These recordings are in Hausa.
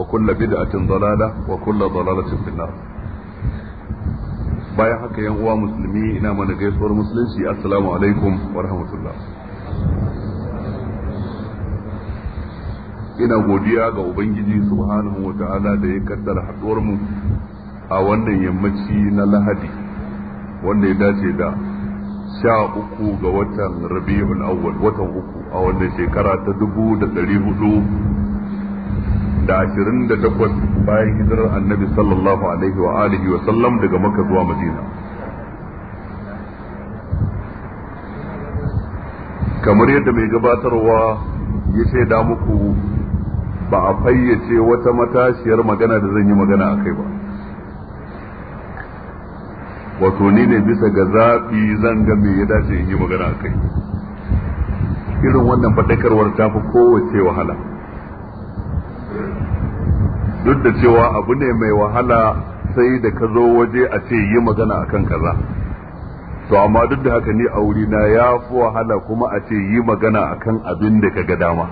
وكل بدعة ضلالة وكل ضلالة في النار bayan haka yan uwa musulmi ina mana gaisuwar musulunci assalamu alaikum wa rahmatullah ina godiya ga ubangiji subhanahu wa ta'ala da ya kaddara haduwar a wannan yammaci na lahadi wanda ya dace da sha uku ga watan rabi'ul awwal watan uku a wannan shekara ta dubu da dari hudu da ashirin da takwas bayan hijirar annabi sallallahu alaihi wa alihi wa sallam daga maka zuwa madina kamar yadda mai gabatarwa ya shaida muku ba a fayyace wata matashiyar magana da zan yi magana a kai ba wato ni ne bisa ga zaɓi zan ga mai ya dace in yi magana a kai irin wannan faɗakarwar ta fi kowace wahala duk da cewa abu ne mai wahala sai da ka zo waje a ce yi magana akan kaza to amma duk da haka ni a wuri na ya fi wahala kuma a ce yi magana akan abin da ka ga dama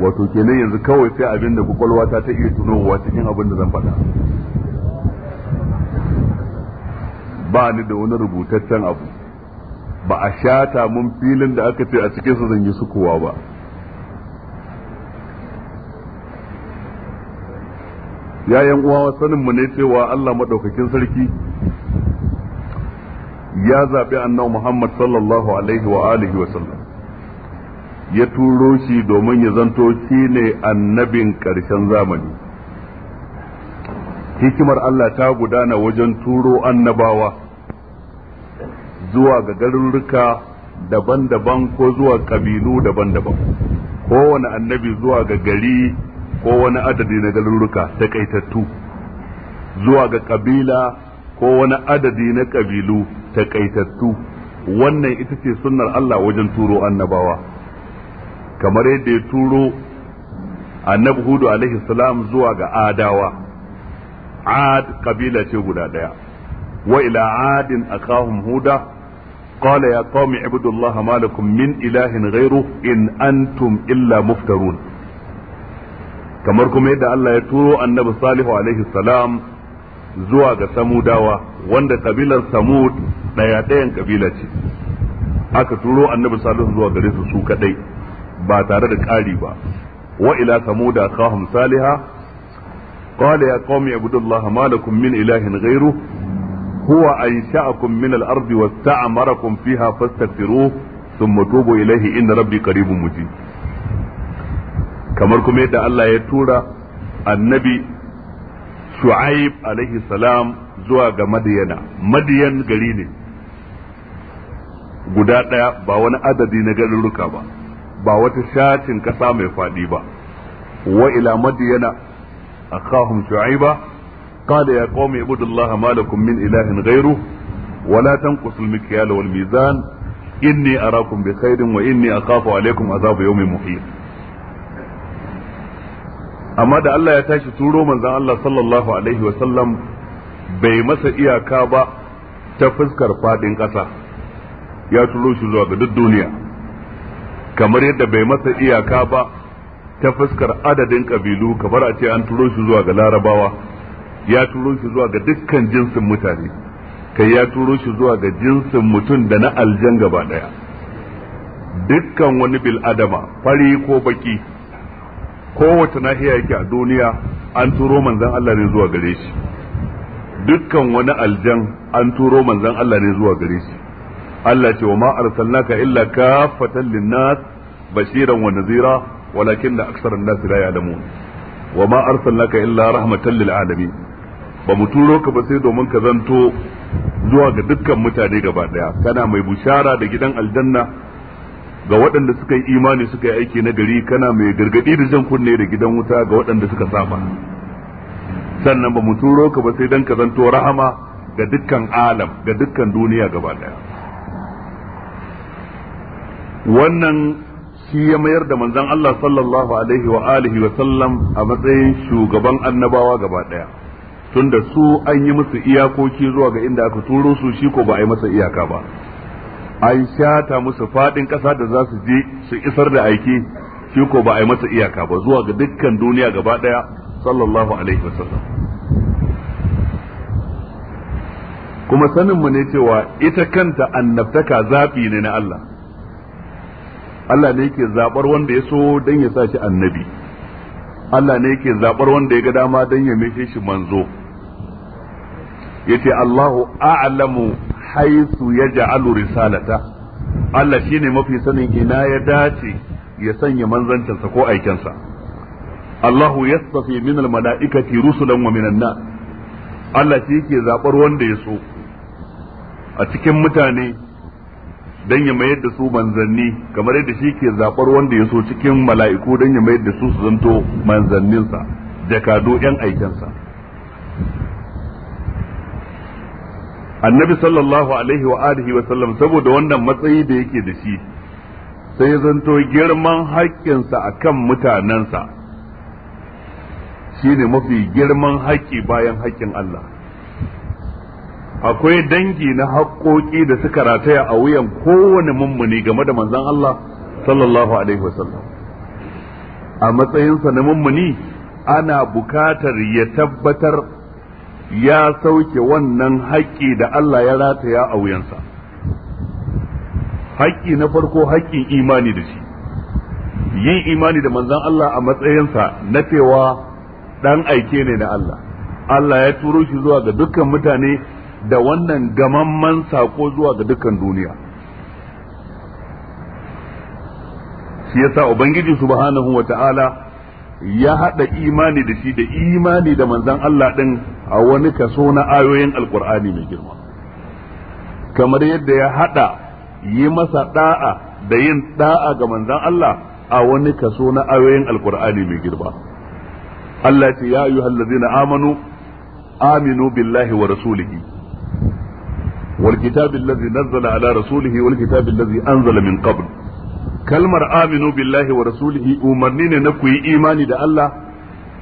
wato kenan yanzu kawai sai abin da kwakwalwa ta ta iya tunowa cikin abin da zan faɗa ba ni da wani rubutaccen abu ba a shata mun filin da aka ce a cikinsa zan yi sukuwa ba ya yan uwa sanin ne cewa Allah madaukakin sarki ya zaɓi annabi Muhammad sallallahu alaihi wa alihi wa sallam ya turo shi domin ya zanto shi ne annabin ƙarshen zamani hikimar Allah ta gudana wajen turo annabawa zuwa ga garuruka daban-daban ko zuwa ƙabilu daban-daban kowane annabi zuwa ga gari ko wani adadi na garuruka takaitattu zuwa ga kabila ko wani adadi na kabilu takaitattu wannan ita ce sunnar Allah wajen turo annabawa kamar yadda ya turo annabi hudu alaihi salam zuwa ga adawa ad kabila ce guda daya wa ila adin akahum huda قال ya قوم اعبدوا الله min ilahin من in غيره إن أنتم kamar kuma yadda Allah ya turo annabi salihu alaihi salam zuwa ga samudawa wanda kabilar samud daya dayan kabila ce aka turo annabi salihu zuwa gare su su kadai ba tare da ƙari ba wa ila samuda kahum saliha qala ya qaumi ibudullaha ma lakum min ilahin ghayru huwa ansha'akum min al-ardi wasta'marakum fiha fastaghfiruhu thumma tubu ilayhi inna rabbi qaribun mujib kamar kuma yadda Allah ya tura annabi shu'aib alaihi salam zuwa ga madiyana madiyan gari ne guda ɗaya ba wani adadi na garuruka ba ba wata shacin ƙasa mai faɗi ba wa ila madiyana a kahun shu'aiba kada ya kome ibudullaha malakum min ilahin gairu wala tanqusul mikyal wal mizan inni arakum bi khairin wa inni akhafu alaykum azab yawmin muhit amma da Allah ya tashi turo manzon Allah sallallahu alaihi wa sallam bai masa iyaka ba ta fuskar fadin ƙasa ya turo shi zuwa ga duk duniya kamar yadda bai masa iyaka ba ta fuskar adadin ƙabilu kamar a ce an turo shi zuwa ga larabawa ya turo shi zuwa ga dukkan jinsin mutane kai ya turo shi zuwa ga jinsin mutum da na aljan gaba daya dukkan wani bil'adama, fari ko baki kowace nahiya yake a duniya an turo manzan Allah ne zuwa gare shi dukkan wani aljan an turo manzan Allah ne zuwa gare shi Allah ce wa ma arsalnaka illa kafatan linnas bashiran wa nazira walakin da aksar an-nas la ya'lamun wa ma arsalnaka illa rahmatan lil alamin ba mu turo ka ba sai domin ka zanto zuwa ga dukkan mutane gaba daya kana mai bushara da gidan aljanna ga waɗanda suka yi imani suka yi aiki na gari kana mai gargaɗi da jan kunne da gidan wuta ga waɗanda suka saba sannan ba mu turo ka ba sai dan ka zanto rahama ga dukkan alam ga dukkan duniya gaba ɗaya wannan shi ya mayar da manzon Allah sallallahu alaihi wa alihi wa sallam a matsayin shugaban annabawa gaba ɗaya tunda su an yi musu iyakoki zuwa ga inda aka turo su shi ko ba a yi masa iyaka ba an shata musu fadin kasa da za su je su isar da aiki shi ko ba a yi masa iyaka ba zuwa ga dukkan duniya gaba daya sallallahu alaihi wasallam kuma sanin mu ne cewa ita kanta annabtaka zafi ne na Allah Allah ne yake zabar wanda ya so dan ya sa shi annabi Allah ne yake zabar wanda ya ga dama dan ya mishe shi manzo yace Allahu a'lamu haisu ya ja'alu risalata Allah shi ne mafi sanin ina ya dace ya sanya manzancinsa ko aikensa Allahu yastafi min almalaikati rusulan wa minan na Allah shi yake zaɓar wanda ya so a cikin mutane don ya mayar da su manzanni kamar yadda shi ke zaɓar wanda ya so cikin mala'iku don ya mayar da su su zanto manzanninsa jakadu yan aikensa annabi sallallahu alaihi wa alihi wa sallam saboda wannan matsayi da yake da shi sai ya zanto girman haƙƙinsa akan mutanensa shine mafi girman haƙƙi bayan haƙƙin Allah akwai dangi na haƙƙoƙi da suka rataya a wuyan kowane mummuni game da manzon Allah sallallahu alaihi wa sallam a matsayinsa na mummuni ana bukatar ya tabbatar ya sauke wannan haƙƙi da Allah ya rataya a wuyansa haƙƙi na farko haƙƙin imani da shi yin imani da manzan Allah a matsayinsa na cewa ɗan aike ne na Allah Allah ya turo shi zuwa ga dukkan mutane da wannan gamamman sako zuwa ga dukkan duniya shi yasa ubangiji subhanahu ta'ala. ya hada imani da shi da imani da manzan Allah din a wani kaso na ayoyin alkur'ani mai girma kamar yadda ya hada yi masa da'a da yin da'a ga manzan Allah a wani kaso na ayoyin alkur'ani mai girma Allah ce ya ayyuhal ladzina amanu aminu billahi wa rasulihi wal kitabil ladzi nazzala ala rasulihi wal kitabil ladzi anzala min qabl kalmar aminu billahi wa rasulihi umarni ne na ku yi imani da Allah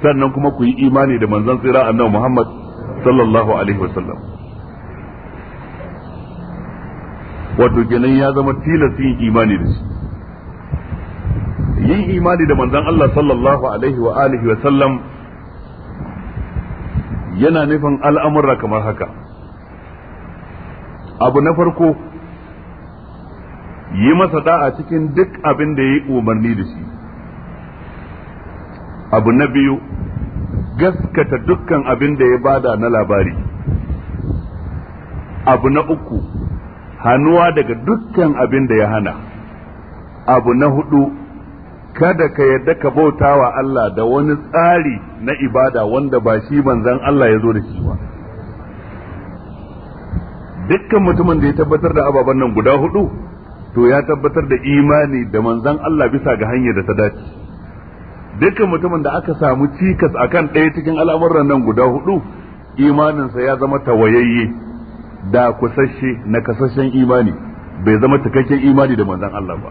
sannan kuma ku yi imani da manzon tsira annabi Muhammad sallallahu alaihi wasallam wato kenan ya zama tilas yin imani da shi yin imani da manzon Allah sallallahu alaihi wa alihi wa sallam yana nufin al'amurra kamar haka abu na farko yi masa da'a cikin duk abin da ya yi umarni da shi abu na biyu gaskata dukkan abin da ya bada na labari abu na uku hannuwa daga dukkan abin da ya hana abu na hudu kada ka yadda ka bauta wa Allah da wani tsari na ibada wanda ba shi manzan Allah ya zo da shi ba dukkan mutumin da ya tabbatar da ababen nan guda hudu to ya tabbatar da imani da manzan Allah bisa ga hanyar da ta dace dukkan mutumin da aka samu cikas akan ɗaya cikin al'amuran nan guda hudu imaninsa ya zama tawayayye da kusashe na kasashen imani bai zama cikakken imani da manzan Allah ba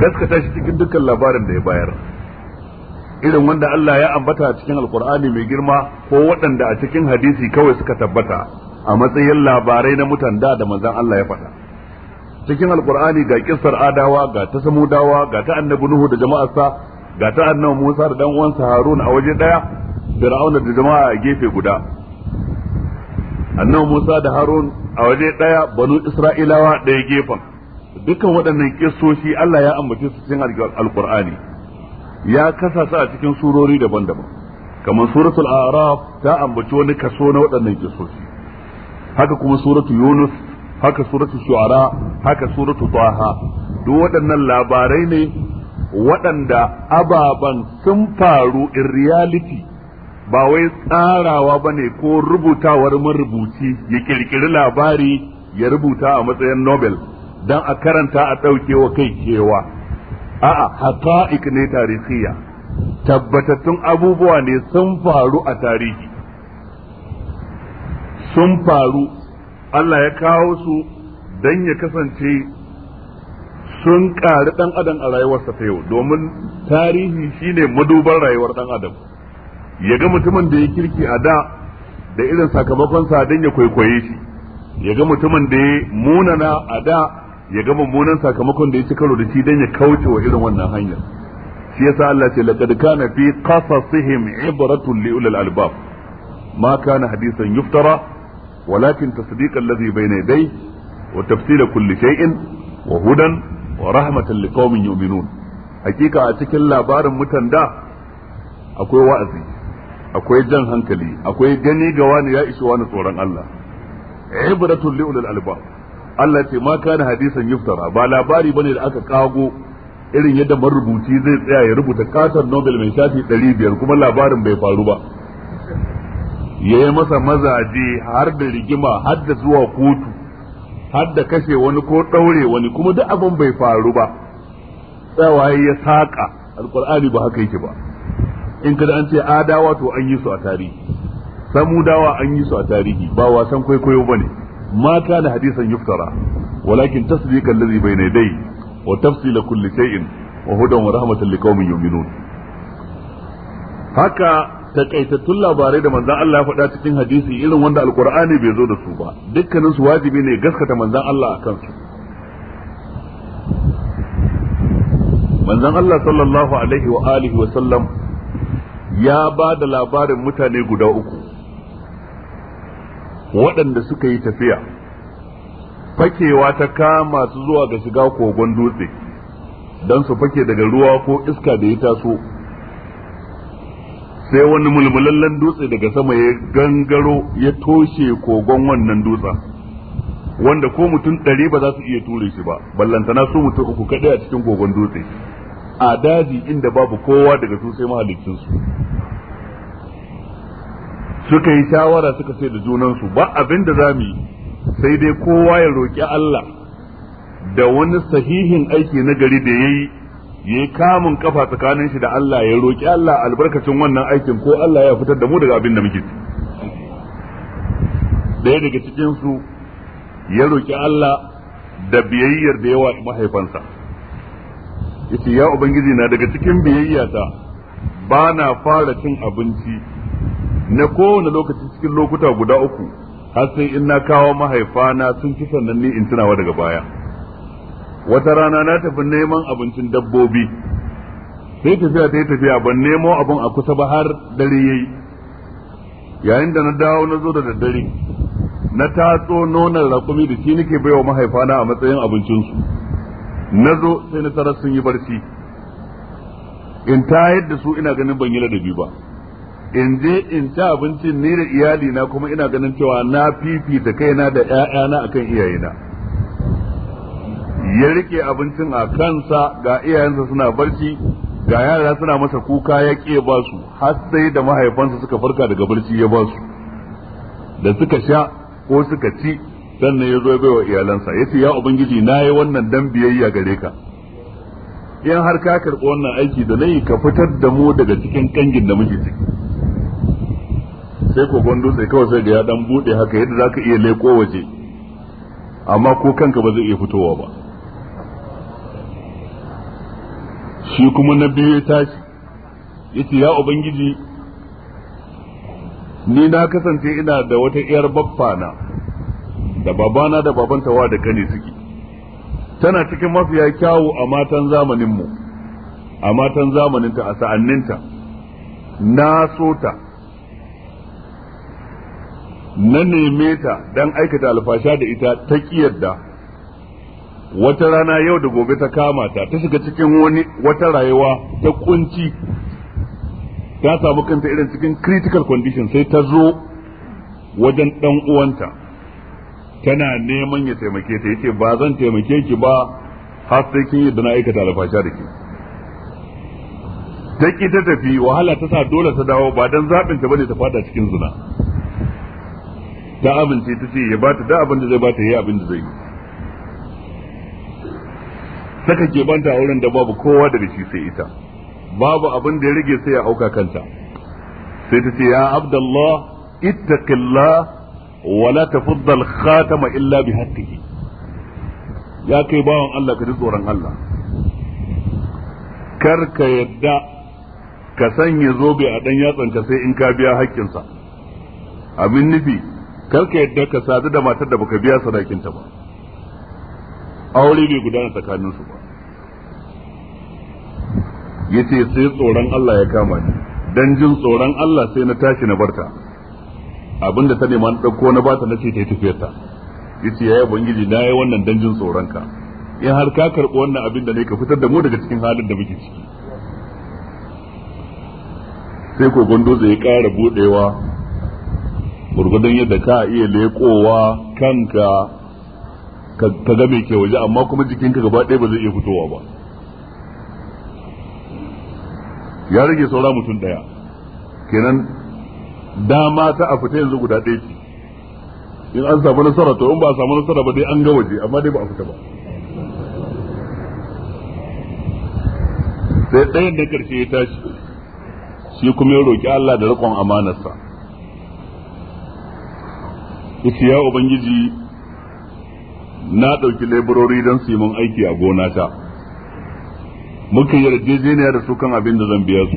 gaskata shi cikin dukkan labarin da ya bayar irin wanda Allah ya ambata a cikin alkur'ani mai girma ko waɗanda a cikin hadisi kawai suka tabbata a matsayin labarai na mutan da da manzan Allah ya faɗa cikin alqur'ani ga kissar adawa ga ta dawa ga ta annabi nuhu da jama'arsa ga ta annabi musa da dan uwansa harun a waje daya fir'auna da jama'a a gefe guda annabi musa da harun a waje daya banu isra'ilawa daya gefen dukkan waɗannan kissoshi Allah ya ambace su cikin alqur'ani ya kasa su a cikin surori daban-daban kamar suratul a'raf ta ambaci wani kaso na waɗannan kissoshi haka kuma suratul yunus haka suratu shu'ara haka suratu taha duk waɗannan labarai ne waɗanda ababan sun faru in reality ba wai tsarawa ba ne ko rubutawar marubuci ya kirkiri labari ya rubuta a matsayin nobel don a karanta a ɗaukewa kai kewa a'a hata'ik ne tarihiyya tabbatattun abubuwa ne sun faru a tarihi sun faru Allah ya kawo su dan ya kasance sun ƙari ɗan adam a rayuwarsa ta yau domin tarihi shine madubar rayuwar ɗan adam ya ga mutumin da ya kirki a da da irin sakamakon sa don ya kwaikwaye shi ya ga mutumin da ya munana a da ya ga mummunan sakamakon da ya ci karo da shi don ya kauce wa irin wannan hanyar shi yasa Allah ce laqad kana fi qasasihim ibratun li ulil albab ma kana hadisan yuftara walakin tasdiqan alladhi bayna dai wa tafsira kulli shay'in wa hudan wa rahmatan liqaumin yu'minun hakika a cikin labarin mutan da akwai wa'azi akwai jan hankali akwai gani ga wani ya ishi wani tsoron Allah ibratun li'ulil albab Allah ce ma kana hadisan yuftara ba labari ne da aka kago irin yadda marubuci zai tsaya ya rubuta katon Nobel mai shafi ɗari biyar kuma labarin bai faru ba ya yi masa mazaje har da rigima har da zuwa kotu har da kashe wani ko ɗaure wani kuma duk abin bai faru ba tsawaye ya saƙa alƙur'ani ba haka yake ba in kada an ce adawa to an yi su a tarihi samudawa an yi su a tarihi ba wasan kwaikwayo ba ne mata da hadisan yuftara walakin tasdiqa bai bayna yadayhi wa tafsila kulli shay'in wa hudan wa rahmatan liqaumin yu'minun haka takaitattun labarai da manzan Allah ya faɗa cikin hadisi irin wanda alkur'ani bai zo da su ba dukkanin su wajibi ne gaskata manzan Allah a kansu manzan Allah sallallahu alaihi wa alihi wa sallam ya ba da labarin mutane guda uku waɗanda suka yi tafiya fakewa ta kama su zuwa ga shiga kogon dutse don su fake daga ruwa ko iska da ya taso sai wani mulmulallen dutse daga sama ya gangaro ya toshe kogon wannan dutsen wanda ko mutum ɗari ba za su iya ture shi ba ballantana su mutum uku kaɗai a cikin kogon dutse a daji inda babu kowa daga su sai mahalicinsu suka yi shawara suka sai da junansu ba abin da za mu yi sai dai kowa ya roƙi Allah da wani sahihin aiki na gari da ya yi yayi kamun kafa tsakanin shi da Allah ya roƙi Allah albarkacin wannan aikin ko Allah ya fitar da mu daga abin da muke daya daga cikinsu ya roƙi Allah da biyayyar da yawa mahaifansa yace ya ubangiji na daga cikin biyayyata ba na fara cin abinci na kowane lokaci cikin lokuta guda uku har sai in na kawo mahaifana sun ci sannan ni in tunawa daga baya wata rana na tafi neman abincin dabbobi sai tafiya ta yi tafiya ban nemo abin a kusa ba har dare yayi yayin da na dawo na zo da daddare na tatso nonon rakumi da shi nake baiwa mahaifana a matsayin abincinsu na zo sai na tarar sun yi barci in tayar da su ina ganin ban yi ladabi ba in je in ci abincin ni da iyali na kuma ina ganin cewa na fifita kaina da 'ya'yana akan iyayena ya rike abincin a kansa ga iyayensa suna barci ga yara suna masa kuka ya ƙi ba su har sai da mahaifansa suka farka daga barci ya ba su da suka sha ko suka ci sannan ya zo ya baiwa iyalansa ya ce ya ubangiji na yi wannan dan biyayya gare ka in har ka karɓi wannan aiki da nayi ka fitar da mu daga cikin kangin da muke ciki sai kogon dutse, kawai sai da ya dan buɗe haka yadda za ka iya leko waje amma ko kanka ba zai iya fitowa ba shi kuma na biyu ya tashi yace ya ubangiji ni na kasance ina da wata iyar baffana da babana da babanta wa da kane suke tana cikin mafiya kyawu a matan zamanin a matan zamaninta a sa'anninta na so na neme ta don aikata alfasha da ita ta kiyarda wata rana yau da gobe ta kama ta ta shiga cikin wani wata rayuwa ta kunci ta samu kanta irin cikin critical condition sai ta zo wajen dan uwanta tana neman ya taimake ta yace ba zan taimake ki ba har sai kin yi da na aikata alfasha da ke ta ki ta tafi wahala ta sa dole ta dawo ba dan zaɓin ta bane ta fada cikin zina ta amince ta ce ya bata da abin da zai bata yi abin da zai yi saka banta a wurin da babu kowa da shi sai ita babu abin da ya rage sai ya auka kanta sai ta ce ya abdallah ittaqillah wala ta al-khatama illa bi haqqihi ya kai bawan Allah ka ji tsoron Allah kar ka yadda ka sanya zobe a dan yatsanka sai in ka biya haƙƙinsa abin nufi kar ka yadda ka sadu da matar da baka biya sadakinta ba aure bai gudana tsakaninsu ba yace sai tsoron Allah ya kama ni dan jin tsoron Allah sai na tashi na barta abinda ta nema na dauko na bata ta yi tafiyarta yace yayi bangiji na yi wannan dan jin tsoron ka in har ka karɓi wannan abin da ne ka fitar da mu daga cikin halin da muke ciki sai ko gondo zai ƙara buɗewa gurgudan yadda ka iya leƙowa kanka ka ga mai ke waje amma kuma jikinka gaba ɗaya ba zai iya fitowa ba ya rage saura mutum daya kenan dama ta a fita yanzu guda ɗaya ce in an samu nasara to in ba a samu nasara ba dai an ga waje amma dai ba a fita ba sai ɗayan da ƙarshe ya tashi shi kuma ya roƙi Allah da riƙon amanarsa ita ya ubangiji na ɗauki laborori don su yi mun aiki a gonata muka yarjejeniya da su kan abin da zan biya su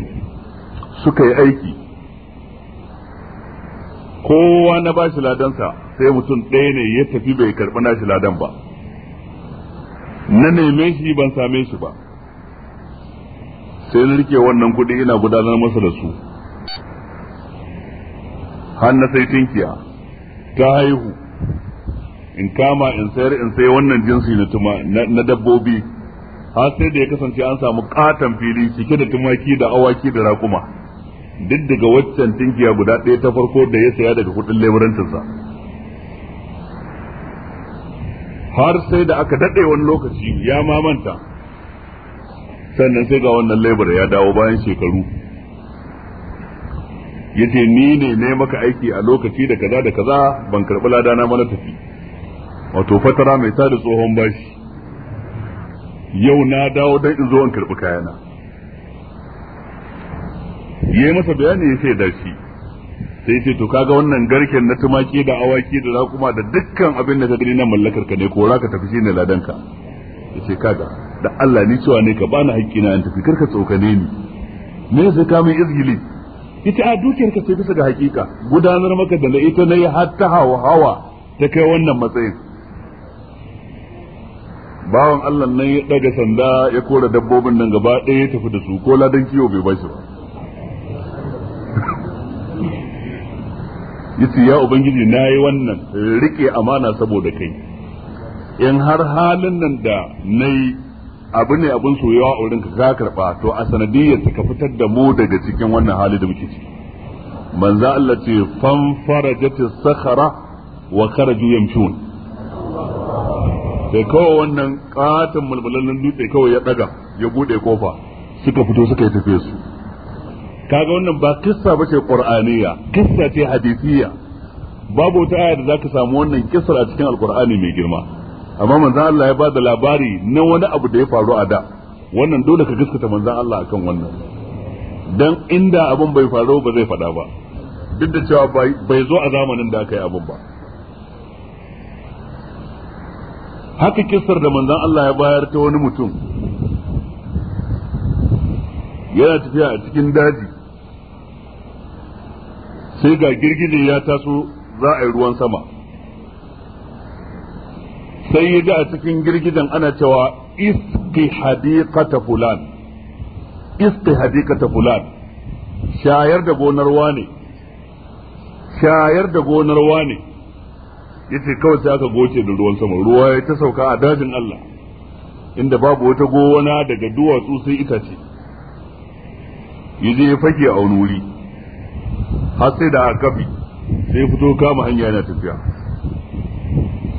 suka yi aiki kowa na ba shi ladansa sai mutum ɗaya ne ya tafi bai karɓi na shi ladan ba na neme shi ban same shi ba sai na rike wannan kuɗi ina gudanar masa da su har na sai tinkiya ta haihu in kama in sayar in sai wannan jinsi na dabbobi har sai da ya kasance an samu katon fili cike da tumaki da awaki da rakuma duk daga waccan tinkiya guda ɗaya ta farko da ya saya daga kuɗin leburantinsa har sai da aka daɗe wani lokaci ya mamanta sannan sai ga wannan lebura ya dawo bayan shekaru ya ce ni ne ne maka aiki a lokaci da kaza da kaza ban karɓi ladana mana tafi wato fatara mai da tsohon bashi yau na dawo don in zo in karɓi kayana ya yi masa bayani ya da shi sai ce to kaga wannan garken na tumaki da awaki da raƙuma da dukkan abin da ka gani na mallakar ka ne ko za ka tafi shi ne ladanka ya ce kaga da Allah ni cewa ne ka bani haƙƙina in tafi karka tsokane ni me sai ka mai izgili ita a dukiyar ka sai bisa ga hakika gudanar maka da na ita na yi hatta hawa hawa ta kai wannan matsayin bawan Allah nan ya daga sanda ya kora dabbobin nan gaba ɗaya ya tafi da su ko ladan kiwo bai bashi ba yace ya ubangiji na yi wannan rike amana saboda kai in har halin nan da na yi abu ne abin soyawa a wurinka ka karba to a sanadiyya ka fitar da mu daga cikin wannan hali da muke ciki manzo Allah ce fan farajati sakhara wa kharaju yamshun sai kawai wannan katon mulmulallen dutse kawai ya daga ya bude kofa suka fito suka yi tafiye su kaga wannan ba kissa ce qur'aniya kissa ce hadisiya babu wata aya da zaka samu wannan kissar a cikin alqur'ani mai girma amma manzon Allah ya bada labari na wani abu da ya faru a da wannan dole ka gaskata manzon Allah akan wannan dan inda abun bai faru ba zai fada ba duk da cewa bai zo a zamanin da aka yi abun ba haka kissar da manzon Allah ya bayar ta wani mutum yana tafiya a cikin daji sai ga girgije ya taso za a yi ruwan sama sai ya ji a cikin girgijen ana cewa iski hadiqata fulan iski hadiqata fulan shayar da gonar wane shayar da gonar wane yace kawai sai aka goce da ruwan sama ruwa ya ta sauka a dajin Allah inda babu wata gona daga duwatsu sai itace yaje ya fake a wani wuri har sai da akabi sai fito kama hanya na tafiya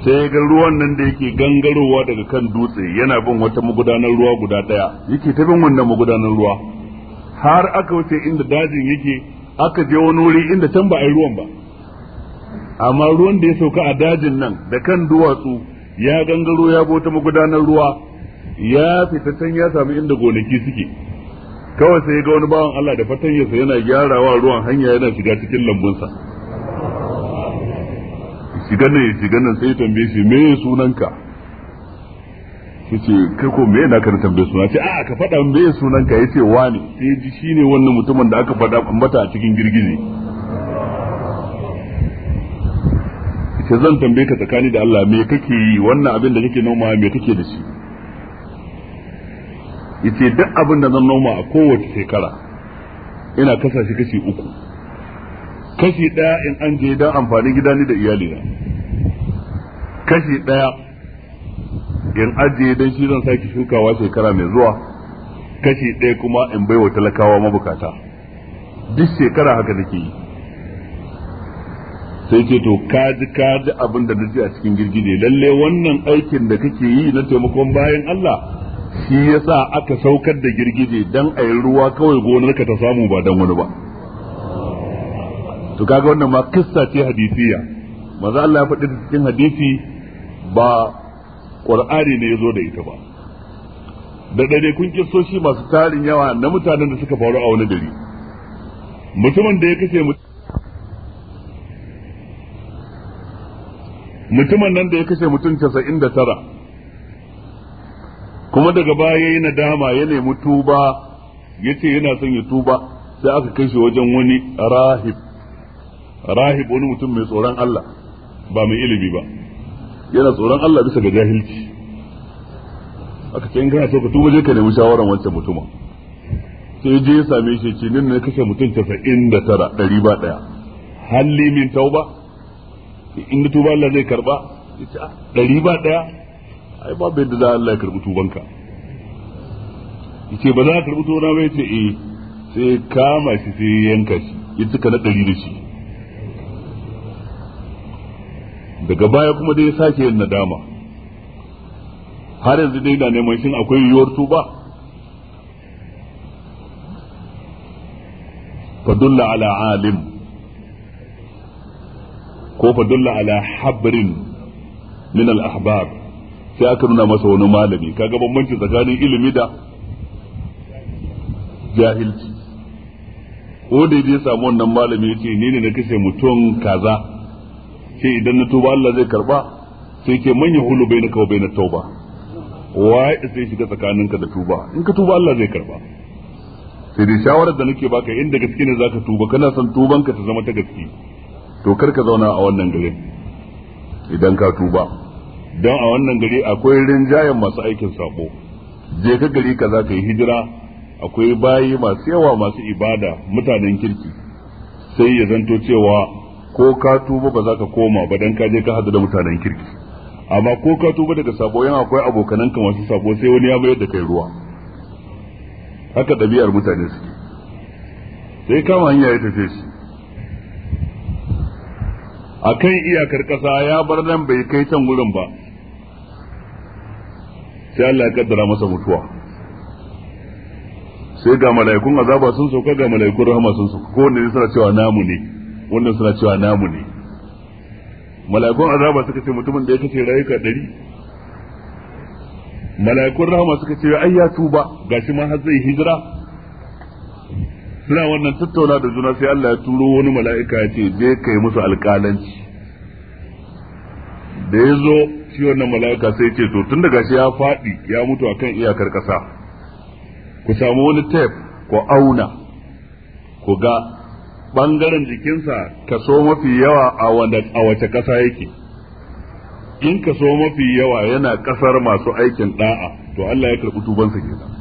sai ga ruwan nan da yake gangarowa daga kan dutse yana bin wata magudanar ruwa guda daya yake ta bin wannan magudanar ruwa har aka wuce inda dajin yake aka je wani wuri inda can ba a yi ruwan ba amma ruwan da ya sauka a dajin nan da kan duwatsu ya gangaro ya bota magudanar ruwa ya fita can ya sami inda gonaki suke kawai sai ga wani bawan Allah da fatanyarsa yana gyarawa ruwan hanya yana shiga cikin lambunsa shiga nan ya shiga nan sai tambaye shi me sunanka yace kai ko me na ka tambaye suna ce a ka faɗa me sunanka yace wani sai ji shine wannan mutumin da aka faɗa ambata a cikin girgije Ka zan tambaye ka tsakani da Allah me kake yi wannan abin da kake noma me kake da shi yace duk abin da zan noma a kowace shekara ina kasa shi kashi uku kashi daya in an je dan amfanin gida ni da iyalina kashi daya in ajiye dan shi zan sake shukawa shekara mai zuwa kashi daya kuma in baiwa talakawa mabukata duk shekara haka nake yi sai ce to ka ji ka ji abin da ji a cikin girgije lalle wannan aikin da kake yi na taimakon bayan Allah shi yasa aka saukar da girgije dan a yi ruwa kawai gonar ka ta samu ba dan wani ba to kaga wannan ma kissa ce hadisiya maza Allah ya faɗi cikin hadisi ba Qur'ani ne ya zo da ita ba da dare kun shi masu tarin yawa na mutanen da suka faru a wani gari mutumin da ya kashe mutum mutumin nan da ya kashe mutum casa'in da tara kuma daga baya ya yi nadama ya nemi tuba ya ce yana son ya tuba sai aka kashe wajen wani rahib rahib wani mutum mai tsoron Allah ba mai ilimi ba yana tsoron Allah bisa ga jahilci aka ce in kana so ka tuba je ka nemi shawaran wancan mutumin sai je ya same shi ce nan ne kashe mutum casa'in da tara ɗari ba ɗaya halli min tauba in tuba Allah zai karba ah, ɗari ba ɗaya ai ba bai da za Allah ya karbi tubanka yace ba za ka karbi tubana ba yace eh sai kama shi sai yanka shi ya cika na ɗari da shi daga baya kuma dai sake yin nadama har yanzu dai na neman shin akwai yiwuwar tuba fadulla ala alim ko fa dulla ala habrin min al ahbab sai aka nuna masa wani malami kaga bambanci tsakanin ilimi da jahilci ko da ya samu wannan malami ya ce ni ne na kashe mutum kaza sai idan na tuba Allah zai karba sai ke manya hulu bai na kawo bai na tauba waye sai shiga tsakaninka da tuba in ka tuba Allah zai karba sai dai shawarar da nake baka inda gaske ne zaka tuba kana son tubanka ta zama ta gaske to kar ka zauna a wannan gari idan ka tuba don a wannan gari akwai rinjayen masu aikin sabo je ka gari ka za ka yi hijira akwai bayi masu yawa masu ibada mutanen kirki sai ya zanto cewa ko ka tuba ba za ka koma ba dan ka je ka hadu da mutanen kirki amma ko ka tuba daga sabo yana akwai abokananka masu sabo sai wani ya mayar da kai ruwa haka ɗabi'ar mutane suke sai kama hanya ya tafe shi akan iyakar ƙasa ya bar nan bai kai can gurin ba sai Allah ya kaddara masa mutuwa sai ga mala'ikun azaba sun sauka ga mala'ikun rahama sun sauka ko wanda suna cewa namu ne wannan suna cewa namu ne mala'ikun azaba suka ce mutumin da ya kace rayuka ɗari mala'ikun rahama suka ce ai ya tuba gashi ma har zai hijira suna wannan tattauna da juna sai Allah ya turo wani mala'ika ya ce je kai musu alƙalanci da ya zo shi wannan mala'ika sai ce to tun daga shi ya faɗi ya mutu akan iyakar ƙasa ku samu wani tef ku auna ku ga ɓangaren jikinsa kaso mafi yawa a wace ƙasa yake in kaso mafi yawa yana ƙasar masu aikin ɗa'a to Allah ya karɓi tubansa kenan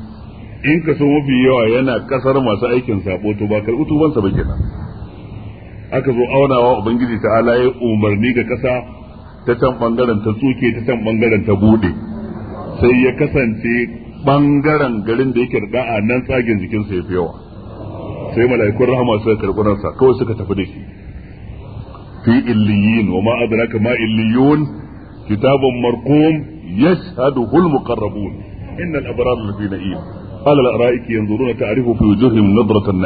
in kaso mafi yawa yana kasar masu aikin sabo to ba karɓi tubansa ba kenan aka zo aunawa ubangiji ta ala ya umarni ga kasa ta can bangaren ta tsuke ta can bangaren ta bude sai ya kasance bangaren garin da yake rida a nan tsagen jikinsa ya fi yawa sai mala'ikun rahama suka karɓi sa kawai suka tafi da shi fi illiyin wa ma adraka ma illiyun kitabun marqum yashhaduhu al-muqarrabun innal abrar lafi na'im قال al-ara'iki yanzuruna ta'rifu fi wujuhihim nadratan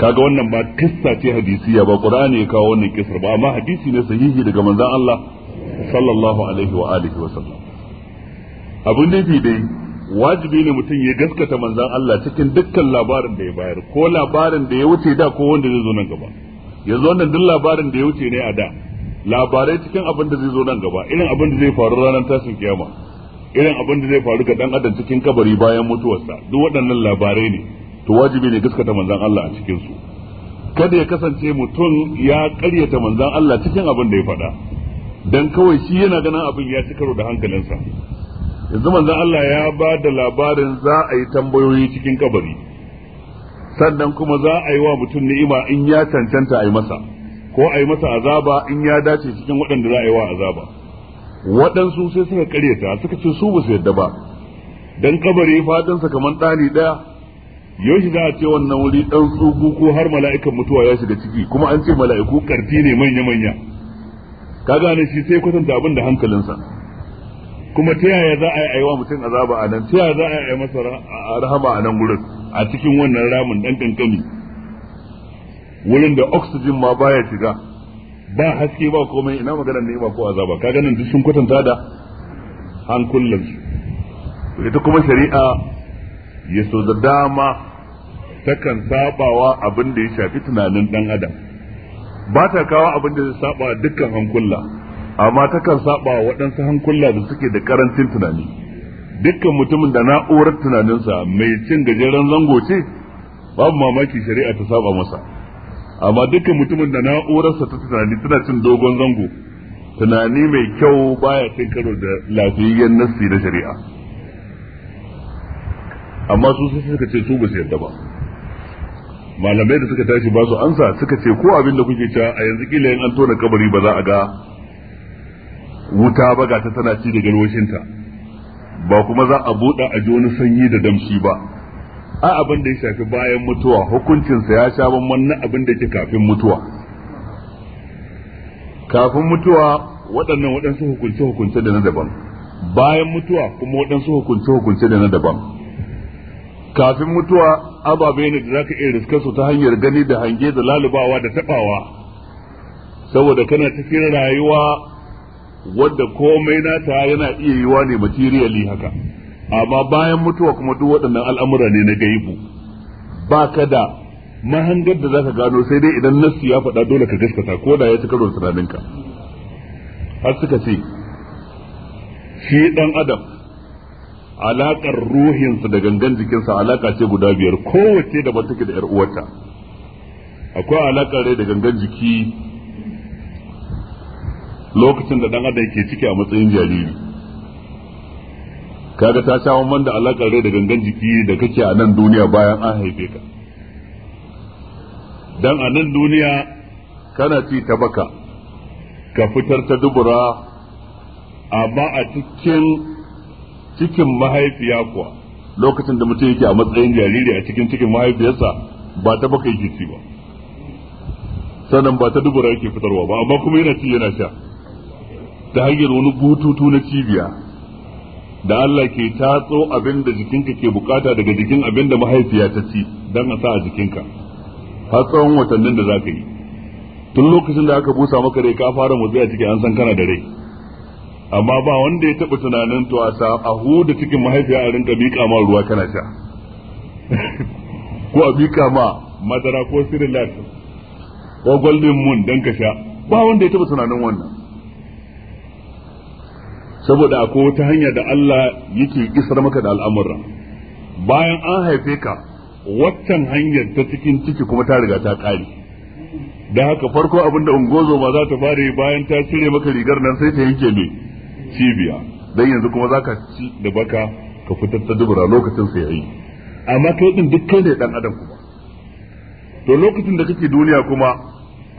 kaga wannan ba kissa ce hadisiya ba qur'ani ya kawo wannan kisar ba amma hadisi ne sahihi daga manzon Allah sallallahu alaihi wa alihi wa sallam abin yake dai wajibi ne mutum ya gaskata manzon Allah cikin dukkan labarin da ya bayar ko labarin da ya wuce da ko wanda zai zo nan gaba yanzu wannan duk labarin da ya wuce ne a da labarai cikin abin da zai zo nan gaba irin abin da zai faru ranar tashin kiyama irin abin da zai faru ga dan adam cikin kabari bayan mutuwarsa duk waɗannan labarai ne to wajibi ne gaskata manzon Allah a cikin su kada ya kasance mutum ya ƙaryata manzon Allah cikin abin da ya faɗa dan kawai shi yana ganin abin ya ci karo da hankalinsa yanzu manzon Allah ya ba da labarin za a yi tambayoyi cikin kabari sannan kuma za a yi wa mutum ni'ima in ya cancanta a yi masa ko a yi masa azaba in ya dace cikin waɗanda za a yi wa azaba waɗansu sai suka karyata suka ce su ba su yadda ba dan kabari sa kamar ɗani ɗaya yaushe za a ce wannan wuri ɗan tsugu ko har mala'ikan mutuwa ya shiga ciki kuma an ce mala'iku ƙarfi ne manya-manya Ka gane shi sai kwatanta abin da hankalinsa kuma ta yaya za a yi aiwa mutum azaba a nan ta yaya za a yi masa rahama a nan gurin a cikin wannan ramin ɗan ƙanƙani. wurin da oxygen ma baya shiga ba haske ba komai ina magana ne ba ko azaba ka ganin duk sun kwatanta da an su ita kuma shari'a ya so da dama takan sabawa abin da ya shafi tunanin dan adam ba ta kawo abin da zai saba dukkan hankula amma takan saba waɗansu hankula da suke da karancin tunani dukkan mutumin da na'urar tunaninsa mai cin gajeren zango ce babu mamaki shari'a ta saba masa amma dukkan mutumin da na'urarsa ta tunani tana cin dogon zango tunani mai kyau baya cin karo da lafiyayyen nassi na shari'a amma su sai suka ce su ba su yarda ba malamai da suka tashi ba su ansa suka ce ko abin da kuke ta a yanzu kila yin an tona kabari ba za a ga wuta ba ga ta tana ci da galwashinta ba kuma za a buɗa a ji wani sanyi da damshi ba a abin da ya shafi bayan mutuwa hukuncinsa ya sha bamban na abin da yake kafin mutuwa kafin mutuwa waɗannan waɗansu hukunce-hukunce da na daban bayan mutuwa kuma waɗansu hukunce-hukunce da na daban kafin mutuwa ababe ne da zaka iya riskar su ta hanyar gani da hange da lalubawa da taɓawa saboda kana cikin rayuwa wadda komai na ta yana iya yiwa ne materially haka amma bayan mutuwa kuma duk waɗannan al'amura ne na gaibu ba ka da mahangar da zaka gano sai dai idan nassu ya faɗa dole ka gaskata ko da ya ci karo tunaninka har suka ce shi ɗan adam alaƙar ruhinsa da gangan jikinsa alaƙa ce guda biyar kowace da ban da ‘yar uwarta akwai alaƙar rai da gangan jiki lokacin da ɗan adam ke ciki a matsayin jariri kaga ta sha man da alakar rai da gangan jiki da kake a nan duniya bayan an haife ka dan a nan duniya kana ci ta baka ka fitar ta dubura amma a cikin cikin mahaifiya kuwa lokacin da mutum yake a matsayin jariri a cikin cikin mahaifiyarsa ba ta baka yake ci ba sannan ba ta dubura yake fitarwa ba amma kuma yana ci yana sha ta hanyar wani bututu na cibiya da Allah ke tatso abin da jikinka ke bukata daga jikin abin da mahaifiya ta ci don a sa a jikinka har tsawon watannin da za ka yi tun lokacin da aka busa maka rai ka fara motsi a ciki an san kana da rai amma ba wanda ya taɓa tunanin to a sa a huda cikin mahaifiya a rinka miƙa ma ruwa kana sha ko a miƙa ma madara ko sirilat ko golden moon don ka sha ba wanda ya taɓa tunanin wannan saboda akwai wata hanya da Allah yake isar maka da al'amuran bayan an haife ka waccan hanyar ta cikin ciki kuma ta riga ta kare da haka farko abinda ungozo zata za ta fara bayan ta cire maka rigar nan sai ta yanke ne cibiya dan yanzu kuma zaka ci da baka ka fitar ta dubura lokacin sai yayi amma kai din duk kai ne dan adam kuma to lokacin da kake duniya kuma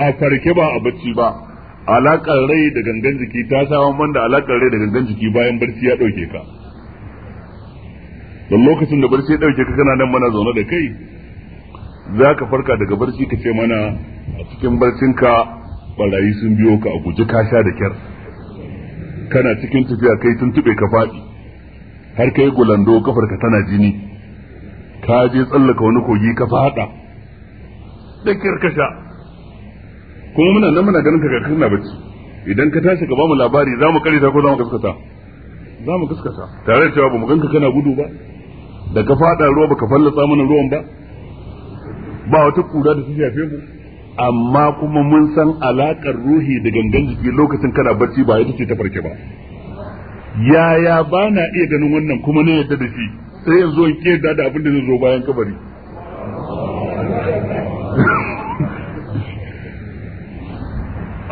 a farke ba a bacci ba alakar rai da gangan jiki ta sawa man da alakar rai da gangan jiki bayan barci ya dauke ka don lokacin da barci ya dauke ka kana nan mana zaune da kai za ka farka daga barci ka ce mana a cikin barcin ka barayi sun biyo ka a guji ka sha da kyar kana cikin tafiya kai tun tube ka faɗi har kai gulando kafar ka tana jini ka je tsallaka wani kogi ka faɗa da kyar ka sha kuma muna nan muna ganin kaga kana bacci idan ka tashi ka ba labari za mu karita ko za mu kaskata za mu kaskata tare da cewa ba mu ganka kana gudu ba da ka fada ruwa ba ka fallasa mana ruwan ba ba wata kura da ta shafe mu amma kuma mun san alakar ruhi da gangan jiki lokacin kana bacci ba ita ce ta farke ba yaya bana iya ganin wannan kuma ne yadda da shi sai yanzu in kiyarda da abin da zai zo bayan kabari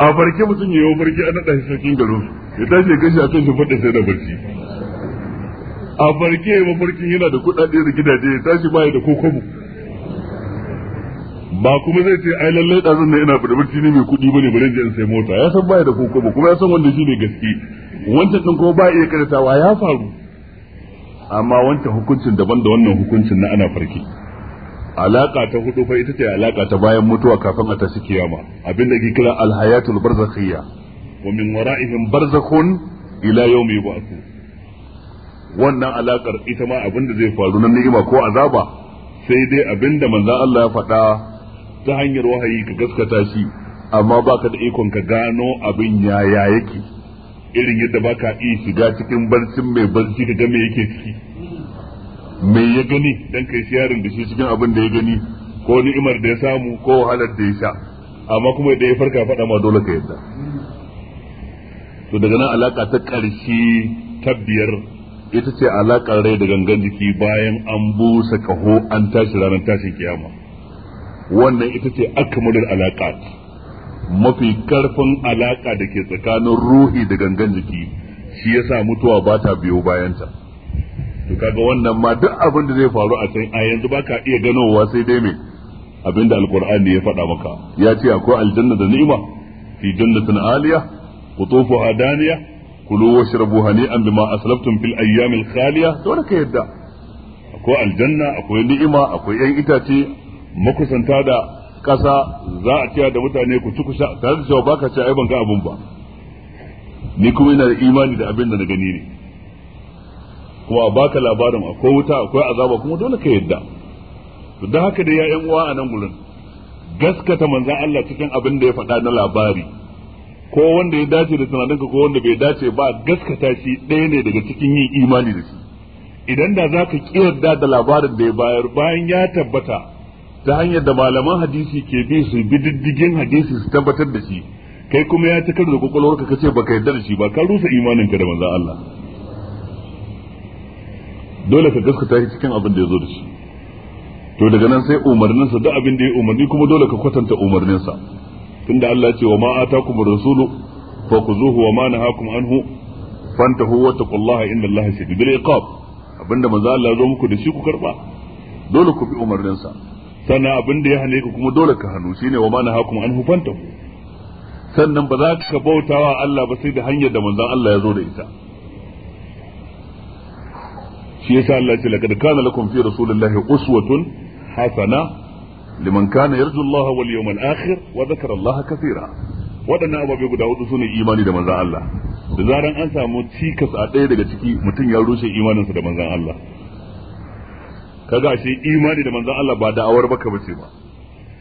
a farke mutum ya yi farke an naɗa shi sarkin garo ya tashi ya kashi a kan da sai da barci a farke ya mafarkin yana da kuɗaɗe da gidaje ya tashi baya da kokobo ba kuma zai ce ai lallai da na ina da barci ne mai kuɗi bane bari in sai mota ya san baya da kokobo kuma ya san wanda shi ne gaske wancan ɗin kuma ba iya karatawa ya faru amma wancan hukuncin daban da wannan hukuncin na ana farke. alaka ta hudu fa ita ce alaka ta bayan mutuwa kafin a tashi kiyama abinda ke kira alhayatul barzakhiyya wa min wara'ihim barzakhun ila yawmi yub'athu wannan alakar ita ma abin da zai faru na ni'ima ko azaba sai dai abinda manzon Allah ya faɗa ta hanyar wahayi ka gaskata shi amma baka da ikon ka gano abin yaya yake irin yadda baka iya shiga cikin barcin mai barci ka ga me yake ciki mai ya gani dan kai siyarin da shi cikin abin da ya gani ko ni'imar da ya samu ko wahalar da ya sha amma kuma da ya farka faɗa ma dole ka yadda to daga nan alaka ta ƙarshe ta biyar ita ce alaƙar rai da gangan jiki bayan an busa kaho an tashi ranar tashin kiyama wannan ita ce akmalul alaƙa mafi ƙarfin alaƙa da ke tsakanin ruhi da gangan jiki shi yasa mutuwa ba ta biyo bayanta to kaga wannan ma duk abin da zai faru a can a yanzu baka iya ganowa sai dai me abinda alqur'ani ya faɗa maka ya ce akwai aljanna da ni'ima fi jannatin aliyah qutufu adaniya kulu washrabu hani'an bima aslaftum fil al khaliya dole ka yadda akwai aljanna akwai ni'ima akwai yan itace makusanta da kasa za a ciya da mutane ku ci ku sha tare da cewa baka ce ai ban ga abun ba ni kuma ina da imani da abin da na gani ne kuma a baka labarin akwai wuta akwai azaba kuma dole ka yadda to dan haka dai ya yan uwa a nan gurin gaskata manzon Allah cikin abin da ya faɗa na labari ko wanda ya dace da tunaninka ko wanda bai dace ba gaskata shi ɗaya ne daga cikin yin imani da shi idan da za ka yarda da labarin da ya bayar bayan ya tabbata ta hanyar da malaman hadisi ke bi su bi diddigin hadisi su tabbatar da shi kai kuma ya cikar da kwakwalwarka kace baka yarda da shi ba ka rusa ka da manzon Allah dole ka gaskata shi cikin abin da ya zo da shi to daga nan sai umarninsa duk abin da ya umarni kuma dole ka kwatanta umarninsa tunda Allah ya ce wa ma atakum rasulu fakuzuhu wa ma nahakum anhu fantahu wa taqullaha inna Allaha shadidul iqab abinda manzo Allah ya zo muku da shi ku karba dole ku bi umarninsa sannan da ya hane ku kuma dole ka hannu shine wa ma nahakum anhu fantahu sannan ba za ka bautawa Allah ba sai da hanyar da manzon Allah ya zo da ita shi yasa Allah ce laqad kana lakum fi rasulillahi uswatun hasana liman kana yarju Allah wal yawmal akhir wa dhakara Allah kaseera waɗannan ababe guda hudu sune imani da manzon Allah da zaran an samu cikas a ɗaya daga ciki mutum ya rushe imaninsa da manzon Allah ga shi imani da manzon Allah ba da'awar baka bace ba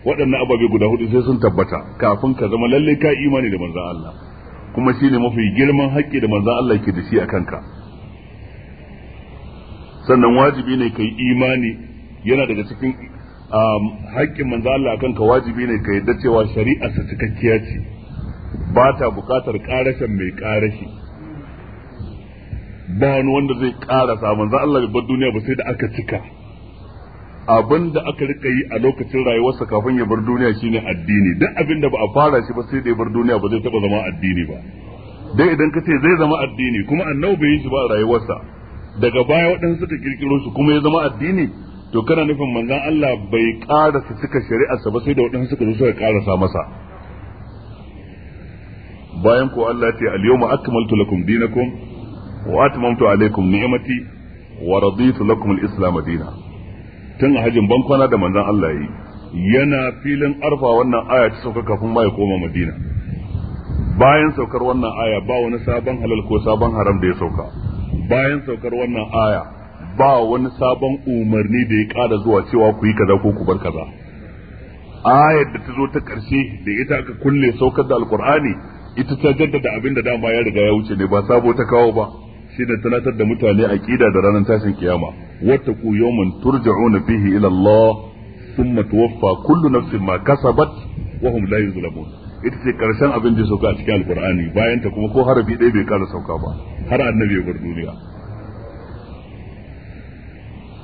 waɗannan ababe guda hudu sai sun tabbata kafin ka zama lalle ka imani da manzon Allah kuma shine mafi girman haƙƙi da manzon Allah ke da shi a kanka sannan wajibi ne kai imani yana daga cikin um, haƙƙin manzo Allah akan ka wajibi ne ka yadda cewa shari'a ta cikakkiya ce ba ta buƙatar ƙarashin mai ƙarashi ba wani wanda zai ƙarasa manzo Allah bar duniya ba sai da aka cika abin da aka rika yi a lokacin rayuwarsa kafin ya bar duniya shine addini duk abin da ba a fara shi ba sai da ya bar duniya ba zai taba zama addini ba dai idan ka zai zama addini kuma annabi bai yi shi ba a rayuwarsa daga baya waɗansu suka kirkiro su kuma ya zama addini to kana nufin manzan Allah bai karasa suka shari'arsa ba sai da waɗansu suka zo suka karasa masa bayan ko Allah ya ce al-yawma akmaltu lakum dinakum wa atmamtu alaykum ni'mati wa raditu lakum al-islam dinan tun a hajin bankwana da manzan Allah yi yana filin arfa wannan aya ta sauka kafin ma ya koma madina bayan saukar wannan aya ba wani sabon halal ko sabon haram da ya sauka bayan saukar wannan aya ba wani sabon umarni da ya ƙara zuwa cewa ku yi kaza ko ku bar kaza ayar da ta zo ta ƙarshe da ita aka kulle saukar da alkur'ani ita ta jaddada abin da dama ya riga ya wuce ne ba sabo ta kawo ba shi da tunatar da mutane a kida da ranar tashin kiyama ku yawman turja'una fihi ila Allah thumma tuwaffa kullu nafsin ma kasabat wa hum la yuzlamun ita ce karshen abin da sauka a cikin alkur'ani bayan ta kuma ko harafi ɗaya bai kara sauka ba har annabi ya bar duniya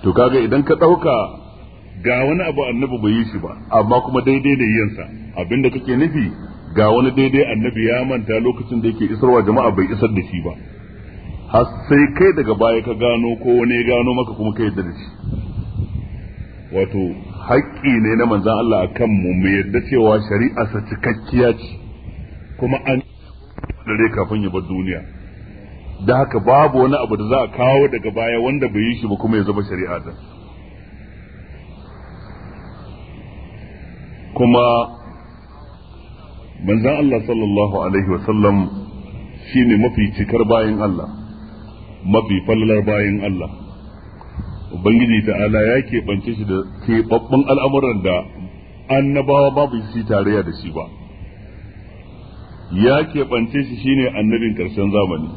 to kaga idan ka ɗauka ga wani abu annabi bai yi shi ba amma kuma daidai da abin abinda kake nufi ga wani daidai annabi ya manta lokacin da yake isarwa jama'a bai isar da shi ba har sai kai daga baya ka gano ko wani ya gano maka kuma ka yadda da shi wato haƙƙi ne na manzan Allah a kanmu mu yadda cewa shari'a sa cikakkiya ce kuma an dare kafin ya bar duniya da haka babu wani abu da za a kawo daga baya wanda bai yi shi ba kuma ya zama shari'a ta. kuma manzan Allah sallallahu alaihi wasallam shi ne mafi cikar bayan Allah mafi fallar bayan Allah ubangiji ta'ala ya keɓance shi da keɓaɓɓen al'amuran da annabawa babu shi tarayya da shi ba ya keɓance shi shine annabin ƙarshen zamani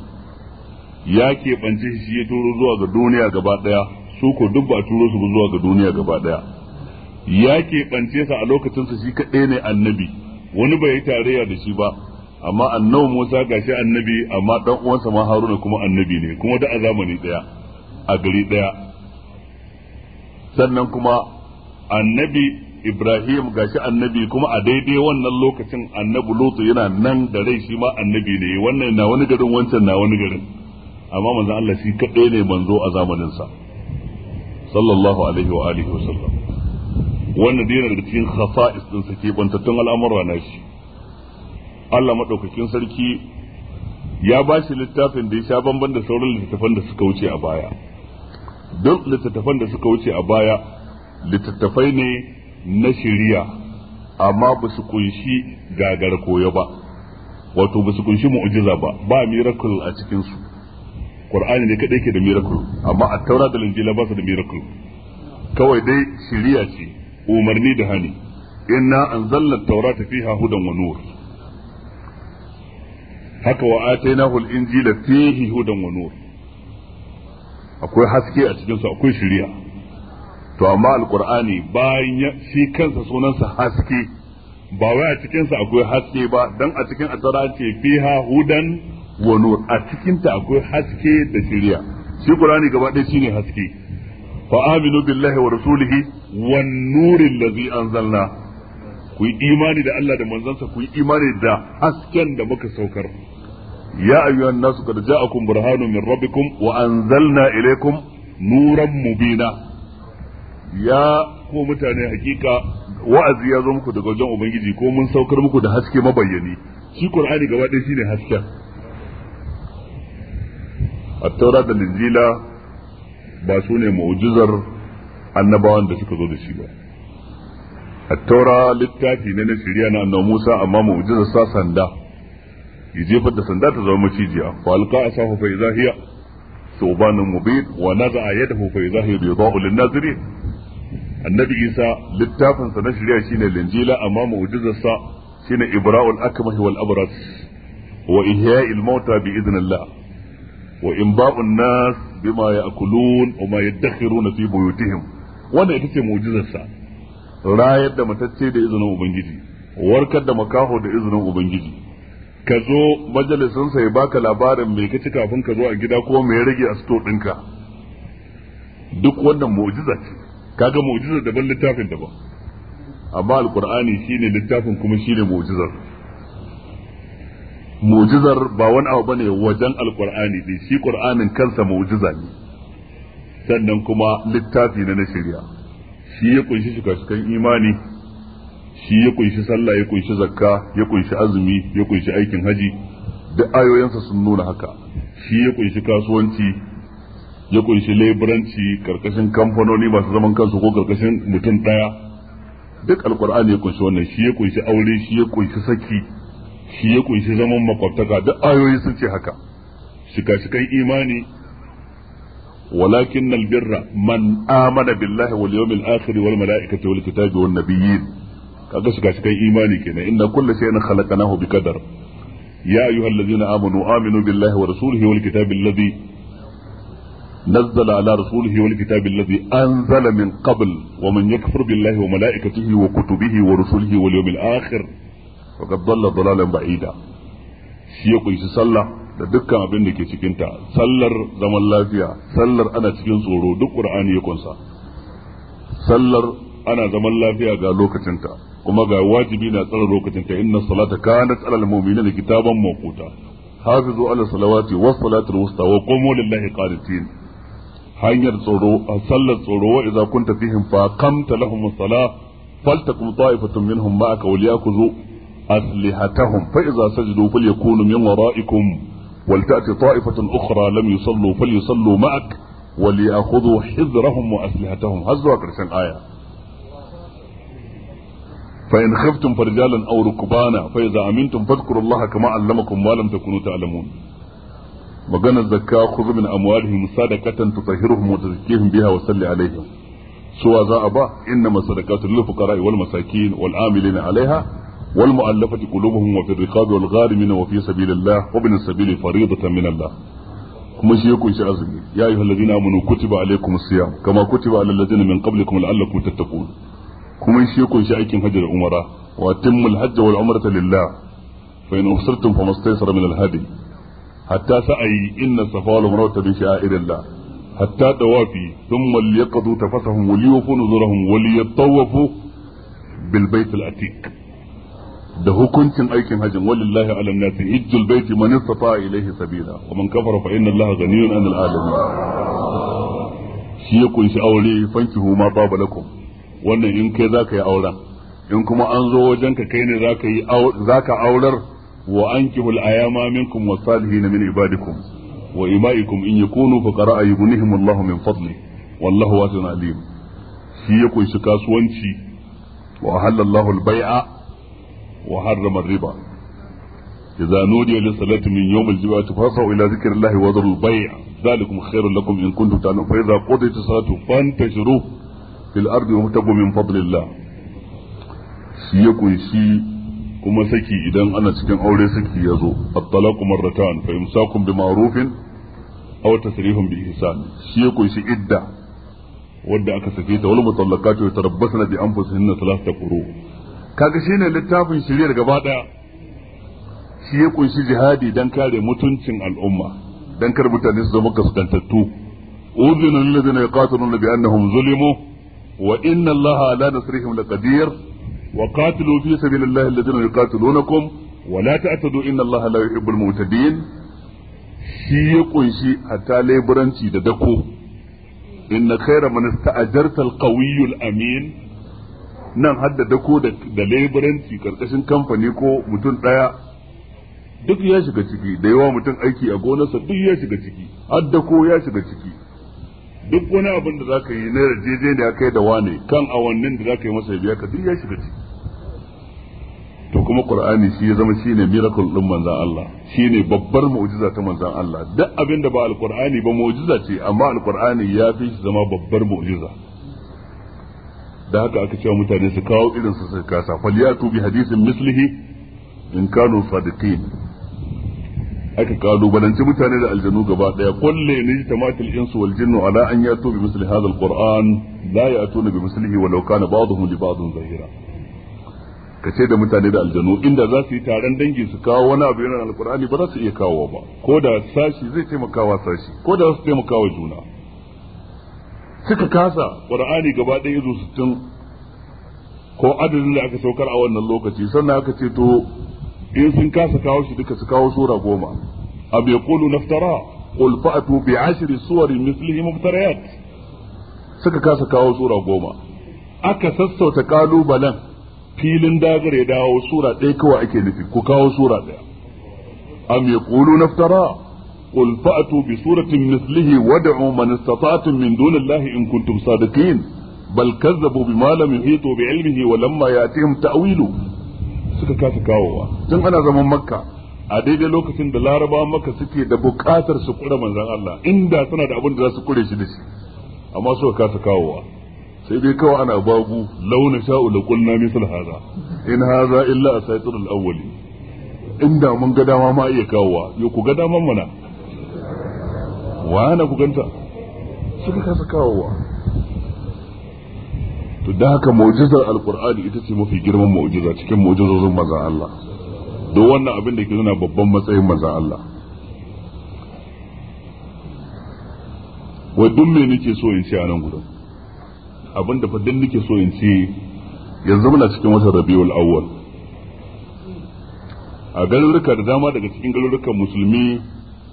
ya keɓance shi shi ya turo zuwa ga duniya gaba ɗaya su ko duk ba turo su zuwa ga duniya gaba ɗaya ya keɓance sa a lokacinsa shi kaɗai ne annabi wani bai yi tarayya da shi ba amma annabi Musa gashi annabi amma ɗan uwansa ma Haruna kuma annabi ne kuma da a zamani ɗaya a gari ɗaya sannan kuma annabi Ibrahim gashi annabi kuma a daidai wannan lokacin annabi Lutu yana nan da rai shi ma annabi ne wannan na wani garin wancan na wani garin amma manzon Allah shi kadai ne manzo a zamanin sa sallallahu alaihi wa alihi wasallam wannan dai da cikin khasa'is din sa ke bantattun al'amura na shi Allah madaukakin sarki ya ba shi littafin da ya sha bamban da sauran littafan da suka wuce a baya duk littattafan da suka wuce a baya littattafai ne na shiriya amma ba su kunshi gagar koyo ba wato ba su kunshi mu'ujiza ba ba miracle a cikinsu. su qur'ani ne kadai ke da miracle amma a taura da linjila ba su da miracle kawai dai shiriya ce umarni da hani inna anzalna taura ta fi hudan wa nur haka wa atainahu al-injila fihi hudan wa nur akwai haske a cikinsu akwai shiriya to amma alkur'ani bayan shi kansa sunansa haske ba wai a cikinsa akwai haske ba dan a cikin atara ce fiha hudan wa nur a cikinta akwai haske da shirya shi qur'ani gaba ɗaya shine haske fa aminu billahi wa rasulihi wan nuril ladzi anzalna ku yi imani da Allah da manzansa ku yi imani da hasken da muka saukar يا أيها الناس قد جاءكم برهان من ربكم وأنزلنا إليكم نورا مبينا يا ku mutane hakika wa'azi ya zo muku daga wajen ubangiji ko mun saukar muku da haske mabayyani shi qur'ani gaba ɗaya shine haske. at-taura da injila ba su ne mu'jizar annabawan da suka zo da shi ba at-taura littafi ne na shirya na annabi Musa amma mu'jizar sa sanda ya jefar da sanda ta zama macijiya fa alqa asahu fa idza hiya thubanun mubin wa naza'a yadahu fa idza hiya bidha'u lin nazirin annabi isa littafin sa na shari'a shine linjila amma mu'jizar sa shine ibra'ul akmah wal abras wa ihya'il mauta bi idnillah wa imba'un nas bima ya'kulun wa ma yaddakhiruna fi buyutihim wannan ita ce mu'jizar sa rayar da matacce da izinin ubangiji warkar da makaho da izinin ubangiji ka zo majalisinsa ya baka labarin mai kaci kafin ka zo a gida ko mai rage a sito ɗinka duk wannan mu'jiza ce kaga mu'jiza daban littafin daban amma alqur'ani shine littafin kuma shine mu'jizar mu'jizar ba wani abu bane wajen alkur'ani ne shi qur'anin kansa mu'jiza ne sannan kuma littafi na na shirya shi ya kunshi shikashikan imani shi ya kunshi sallah ya kunshi zakka ya kunshi azumi ya kunshi aikin haji duk ayoyinsa sun nuna haka shi ya kunshi kasuwanci ya kunshi leburanci karkashin kamfanoni masu zaman kansu ko karkashin mutum daya duk alkur'ani ya kunshi wannan shi ya kunshi aure shi ya kunshi saki shi ya kunshi zaman makwabtaka duk ayoyi sun ce haka shika-shikan imani ولكن البر من آمن بالله واليوم الآخر والملائكة والكتاب والنبيين kaga shiga cikin imani kenan inna kullu shay'in khalaqnahu biqadar ya ayyuhallazina amanu aminu billahi wa rasulihi wal kitabil ladhi نزل على رسوله والكتاب الذي wa من wa ومن wa بالله وملائكته وكتبه akhir. واليوم الآخر فقد ضل shi ya شيخ sallah da dukkan abin da ke cikinta sallar zaman lafiya sallar ana cikin tsoro duk ƙur'ani ya kunsa sallar ana zaman lafiya ga lokacinta kuma ga wajibi na tsara lokacin ta inna salata kanat alal mu'minina kitaban mawquta hafizu ala salawati was salatul wusta wa qumu lillahi qanitin hanyar tsoro a sallar tsoro wa idza kunta fihim fa qamta lahum as-salah faltakum ta'ifatun minhum ma'aka wal yakuzu aslihatahum fa idza sajadu falyakunu min wara'ikum ولتأتي طائفة أخرى لم يصلوا فليصلوا معك وليأخذوا حذرهم وأسلحتهم هذا هو آية فإن خفتم فرجالا أو ركبانا فإذا أمنتم فاذكروا الله كما علمكم ما لم تكونوا تعلمون وقنا الزكاة خذ من أموالهم صدقة تطهرهم وتزكيهم بها وصل عليهم سوى ذا أبا إنما الصدقات للفقراء والمساكين والعاملين عليها والمؤلفة قلوبهم وفي الرقاب والغارمين وفي سبيل الله وابن السبيل فريضة من الله kuma shi ya kunshi azumi ya ayyuhallazina amanu kutiba alaikumus siyam kama kutiba alal ladzina min qablikum la'allakum tattaqun kuma shi ya kunshi aikin hajji da umara wa timmul hajj wal umrata lillah fa in usirtum famastaysara min al hadi hatta sa'i inna safa wal umrata bi sha'irillah hatta tawafi thumma liyaqdu tafasahum wa liyufu nuzurahum wa liyatawafu bil bayt al atiq da hukuncin aikin hajjin walillahi ala nasi hijjul baiti man istata ilayhi sabila wa man kafara fa inna allaha ghaniyun 'anil alamin shi ya kunshi aure fankihu ma babu lakum wannan in kai zaka yi auren in kuma an zo wajen ka kai ne zaka yi zaka aurar wa ankihul ayama minkum wasalihin min ibadikum wa imaikum in yakunu fuqara yughnihim Allahu min fadli wallahu wasi'un alim shi ya kunshi kasuwanci wa halallahu al-bai'a wa harrama riba إذا نودي للصلاة من يوم الجمعة فاسعوا إلى ذكر الله وذروا البيع ذلكم خير لكم إن كنتم تعلمون فإذا قضيت الصلاة فانتشروا fil ardi muhtaqu min fadlillah shi ya kunshi kuma saki idan ana cikin aure saki ya zo at-talaqu marratan fa imsakun bi ma'rufin aw tasrihun bi ihsan shi ya kunshi idda wadda aka sake ta wal mutallaqatu yatarabbasna bi anfusihinna thalathata quru littafin shirya gaba daya shi ya kunshi jihadi dan kare mutuncin al'umma dan kar mutane su zama kaskantattu udhina lil ladina yaqatiluna bi annahum zulimu wa inna allaha ala nasrihim laqadir wa qatilu fi sabilillahi alladhina yuqatilunakum wa la ta'tadu inna allaha la yuhibbul mu'tadin shi ya kunshi hatta laiburanci da dako inna khayra amin nan hadda dako da laiburanci karkashin kamfani ko mutum ɗaya, duk ya shiga ciki da yawa mutum aiki a gonarsa duk ya shiga ciki haddako ya shiga ciki duk wani abin da zaka yi na yarjejeniya kai da wane kan awannin da zaka yi masa biya ka duk ya shiga ciki to kuma qur'ani shi ya zama shine miracle din manzon Allah shine babbar mu'jiza ta manzon Allah duk abin da ba alqur'ani ba mu'jiza ce amma alqur'ani ya fi shi zama babbar mu'jiza da haka aka cewa mutane su kawo irin su suka kasa falyatu bi hadithin mislihi in kanu sadiqin aka balance mutane da aljanu gaba daya kulli ni tamatil insu wal jinnu ala an yatu bi misli hadha al qur'an la yatuna bi mislihi walau kana ba'dhum li ba'dhin zahira kace da mutane da aljanu inda za su yi taron dangi su kawo wani abu yana alqur'ani ba za su iya kawo ba ko da sashi zai taimakawa sashi ko da su taimakawa juna suka kasa qur'ani gaba daya su tun ko adadin da aka saukar a wannan lokaci sannan aka ce to in sun kasa kawo shi duka su kawo sura goma A ya kulu naftara qul fa'tu bi ashri suwarin mislihi muftariyat suka kasa kawo sura goma aka sassauta kalubalen filin dagar ya dawo sura ɗaya kawai ake nufi ku kawo sura ɗaya am yaqulu naftara qul fa'tu bi suratin mislihi wad'u man istata'tum min dunillahi in kuntum sadiqin bal kazzabu bima lam yuhitu bi ilmihi wa lamma ya'tihim ta'wilu suka kasa kawowa Tun ana zaman makka a daidai lokacin da laraba Makka suke da bukatar su kura manzan Allah inda suna da abin da za su kure shi da shi amma suka kasa kawowa sai dai kawai ana babu launa sha'u da kunna misal haza in haza illa asaitul al'awwali. inda mun ga dama ma iya kawowa yo ku ga daman mana wa ana ku ganta suka kasa kawowa to da haka mu'jizar alqur'ani ita ce mafi girman mu'jiza cikin mu'jizozin maza Allah don wannan abin da ke nuna babban matsayin maza Allah wai duk me nake so in ce a nan gudan abin da duk nake so in ce yanzu muna cikin watan rabiul awwal a garuruka da dama daga cikin garurukan musulmi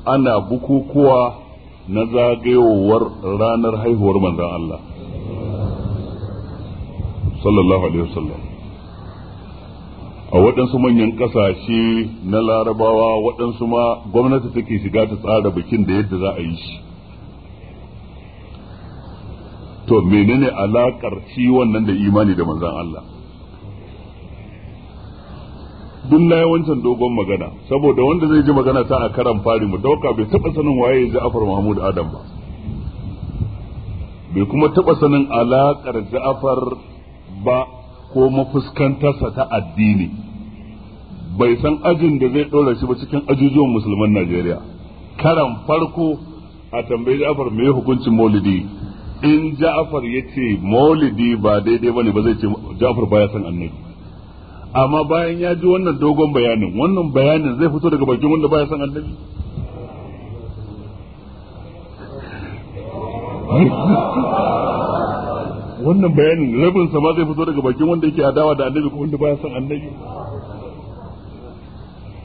ana bukukuwa na zagayowar ranar haihuwar manzan Allah sallallahu alaihi wasallam a waɗansu manyan ƙasashe na larabawa waɗansu ma gwamnati take shiga ta tsara bikin da yadda za a yi shi to menene alaƙar shi wannan da imani da manzan Allah duk yawancin dogon magana saboda wanda zai ji magana ta a karan fari mu dauka bai taɓa sanin waye Ja'far Mahmud Adam ba bai kuma taɓa sanin alaƙar Ja'far ba ko mafuskantarsa ta addini bai san ajin da zai ɗora shi ba cikin ajujuwan musulman Najeriya karan farko a tambayi ja'afar mai hukuncin Maulidi in ja'afar ya ce Maulidi ba daidai ba ne ba zai ce ja'afar baya san annabi amma bayan ya ji wannan dogon bayanin wannan bayanin zai fito daga bakin wanda baya san annabi wannan bayanin rabin sa ma zai fito daga bakin wanda yake adawa da annabi ko wanda baya son annabi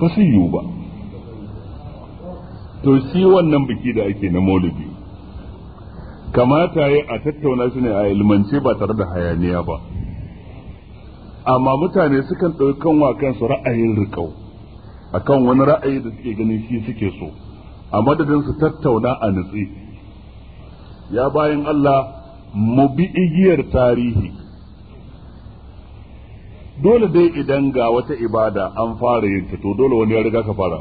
ba su yiwu ba to shi wannan biki da ake na maulidi kamata ya a tattauna shi ne a ilmance ba tare da hayaniya ba amma mutane sukan ɗauki wa kansu ra'ayin rikau akan wani ra'ayi da suke ganin shi suke so a madadin su tattauna a nutsi ya bayan Allah mu bi igiyar tarihi dole dai idan ga wata ibada an fara yin ta to dole wani ya riga ka fara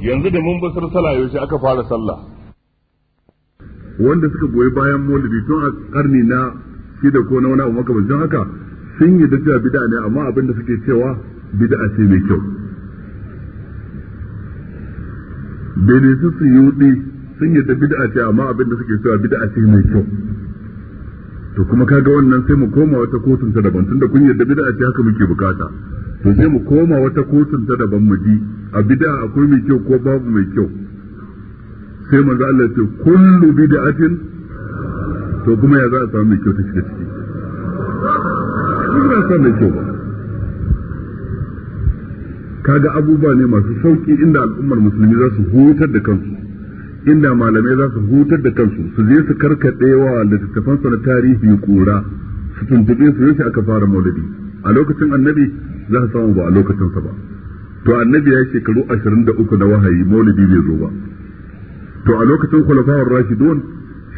yanzu da mun basar sallah yaushe aka fara sallah wanda suka goyi bayan maulidi tun a karni na shi da ko na wani abu makamancin haka sun yi da cewa bid'a ne amma abin da suke cewa bid'a ce mai kyau daidai su su yi sun ta bid'a ce amma abin da suke cewa bid'a ce mai kyau to kuma kaga wannan sai mu koma wata kotun ta daban tunda kun yadda bid'a ce haka muke bukata to sai mu koma wata kotun ta daban mu ji a bid'a akwai mai kyau ko babu mai kyau sai manzo Allah ce kullu bid'atin to kuma ya za a samu mai kyau ta shiga ciki ba za mai kyau ba kaga abubuwa ne masu sauki inda al'ummar musulmi za su hutar da kansu inda malamai za su hutar da kansu su je su karkaɗe wa littattafan na tarihi kura su tuntube su yaushe aka fara maulidi a lokacin annabi za su samu ba a lokacinsa ba to annabi ya shekaru ashirin da uku na wahayi maulidi bai zo ba to a lokacin khulafa'ur rashidun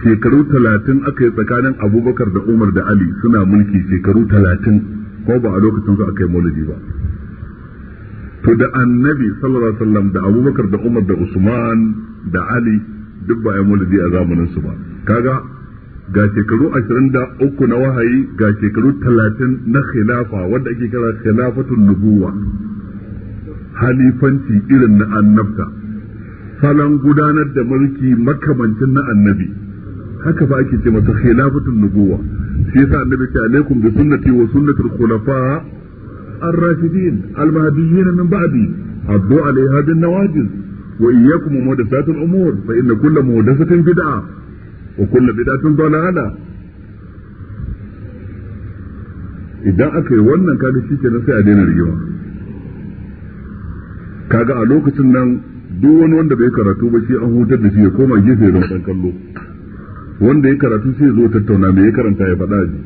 shekaru talatin aka yi tsakanin abubakar da umar da ali suna mulki shekaru talatin ko ba a lokacin su aka yi maulidi ba to da annabi sallallahu alaihi wasallam da abubakar da umar da usman da ali duk bayan ya a zamanin su ba kaga ga shekaru ashirin da uku na wahayi ga shekaru talatin na khilafa wanda ake kira khilafatul nubuwa halifanci irin na annabta salon gudanar da mulki makamancin na annabi haka fa ake ce masa khilafatul nubuwa shi yasa annabi ta alaikum bi sunnati wa sunnatul khulafa ar-rashidin al-mahdiyyin min ba'di addu alaiha bin nawajiz Wa وإياكم ومحدثات الأمور فإن كل محدثة بدعة وكل بدعة ضلالة idan aka yi wannan kaga shi kenan sai a daina rigima kaga a lokacin nan duk wani wanda bai karatu ba shi an hutar da shi ya koma gefe ya dan kallo wanda ya karatu sai ya zo tattauna mai ya karanta ya faɗa ji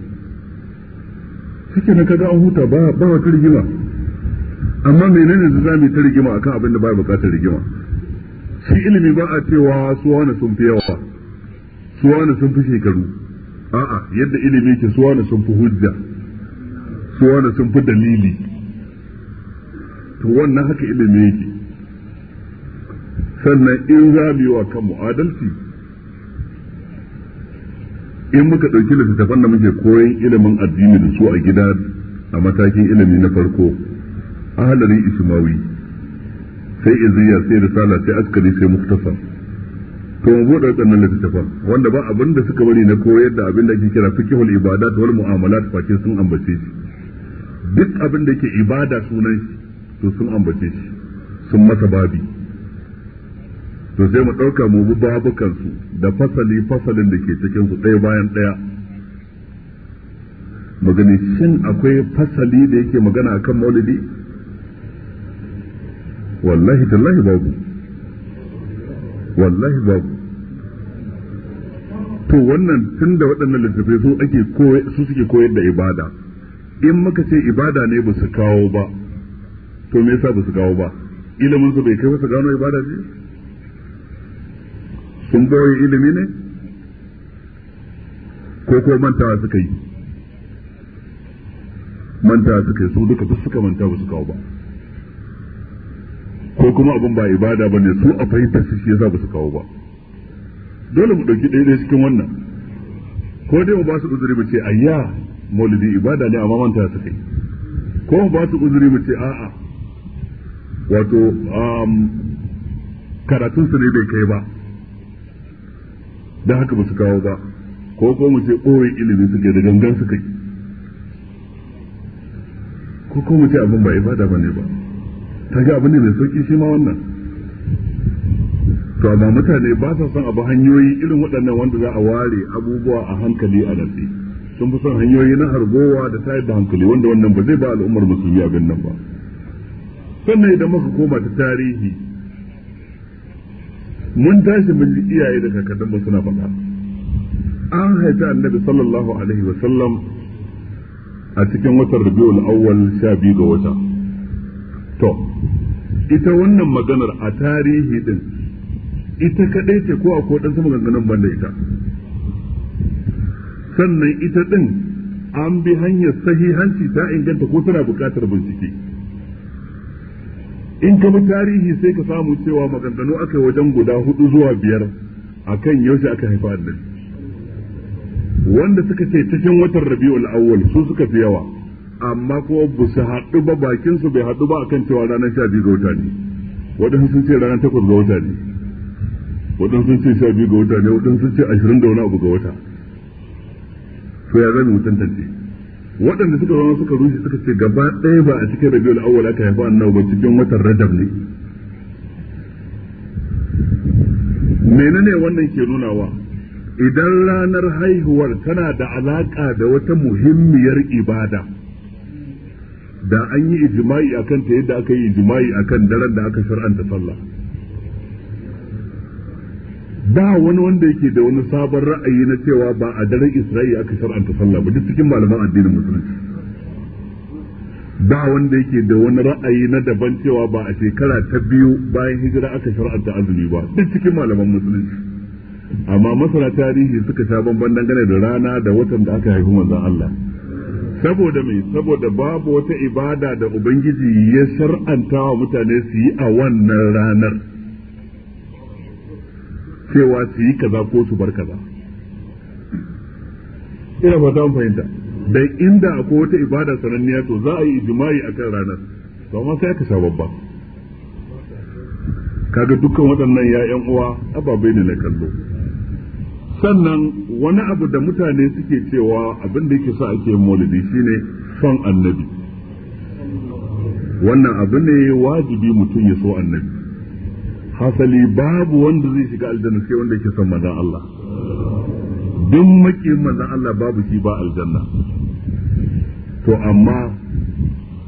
shi kenan kaga an huta ba ba wata rigima amma menene da zamu ta rigima akan abin da ba bukatar rigima shi ilimi ba a cewa su wani sun fi yawa su wani sun fi shekaru a'a yadda ilimi ke su wani sun fi hujja su wani sun fi dalili to wannan haka ilimi yake sannan in za mu yi wa kanmu adalci in muka ɗauki littattafan da muke koyon ilimin addini da su a gida a matakin ilimi na farko ahalari ismawi sai iziya sai risala sai askari sai muktafa to mu buɗe wannan littattafan wanda ba abin da suka bari na koyar da abin da ake kira fiqhul ibadat wal mu'amalat fakin sun ambace shi duk abin da yake ibada sunan shi to sun ambace shi sun masa babi to sai mu ɗauka mu bi babukan su da fasali fasalin da ke cikin su ɗaya bayan ɗaya magani shin akwai fasali da yake magana akan maulidi wallahi tallahi babu wallahi babu to wannan tun da waɗannan littattafai su ake su suke koyar da ibada in muka ce ibada ne ba su kawo ba to me yasa ba su kawo ba ilimin su bai kai ba su gano ibada ne sun boye ilimi ne ko ko mantawa suka yi mantawa suka yi su duka duk suka manta ba su kawo ba ko kuma abin ba ibada bane su a fahimta su shi yasa ba su kawo ba dole mu dauki ɗaya cikin wannan ko dai mu ba su uzuri mu ce ayya maulidi ibada ne amma manta su kai ko mu ba su uzuri mu ce a'a wato karatun su ne bai kai ba dan haka ba su kawo ba ko ko mu ce ɓoye ilimi suke da gangan su kai ko ko mu ce abin ba ibada bane ba ta ga abin da mai sauki shi ma wannan to amma mutane ba sa son abu hanyoyi irin waɗannan wanda za a ware abubuwa a hankali a nafi sun fi son hanyoyi na hargowa da yi da hankali wanda wannan ba zai ba al'ummar musulmi a nan ba sannan idan muka koma ta tarihi mun tashi mun ji iyaye da kakannin mu suna faɗa an haifi annabi sallallahu alaihi wa sallam a cikin watan rabiul awwal sha biyu ga wata to ita wannan maganar a tarihi din ita kadai ce ko a dan sama ganganan banda ita sannan ita din an bi hanyar sahihanci ta inganta ko tana buƙatar bincike in ka bi tarihi sai ka samu cewa maganganu aka wajen guda hudu zuwa biyar akan yaushe aka haifa wanda suka ce cikin watan rabiul awwal su suka fi yawa amma ko ba su haɗu ba bakin su bai haɗu ba akan cewa ranar sha biyu ga wata ne waɗansu sun ce ranar takwas ga wata ne waɗansu sun ce sha biyu ga wata ne waɗansu sun ce ashirin da wani abu ga wata to ya zama mutum tante waɗanda suka zama suka rushe suka ce gaba ɗaya ba a cikin rabiul awwal aka haifa annabi ba cikin watan rajab ne menene wannan ke nunawa idan ranar haihuwar tana da alaƙa da wata muhimmiyar ibada da an yi ijma'i akan ta yadda aka yi ijma'i akan daren da aka shar'anta sallah da wani wanda yake da wani sabon ra'ayi na cewa ba a daren Isra'i aka shar'anta sallah ba duk cikin malaman addinin musulunci da wanda yake da wani ra'ayi na daban cewa ba a shekara ta biyu bayan hijira aka shar'anta azumi ba duk cikin malaman musulunci amma masana tarihi suka sha bamban dangane da rana da watan da aka haifi manzon Allah saboda mai saboda babu wata ibada da ubangiji ya shar'anta wa mutane su yi a wannan ranar cewa su yi kaza ko su bar kaza ina fata fahimta dan inda akwai wata ibada sananniya to za a yi ijma'i kan ranar to amma sai aka sha babba kaga dukkan waɗannan 'ya'yan uwa ababai ne na kallo sannan wani abu da mutane suke cewa abin da yake sa ake maulidi shine son annabi wannan abu ne wajibi mutum ya so annabi hasali babu wanda zai shiga aljanna sai wanda yake son manzon Allah duk makiyin manzon Allah babu shi ba aljanna to amma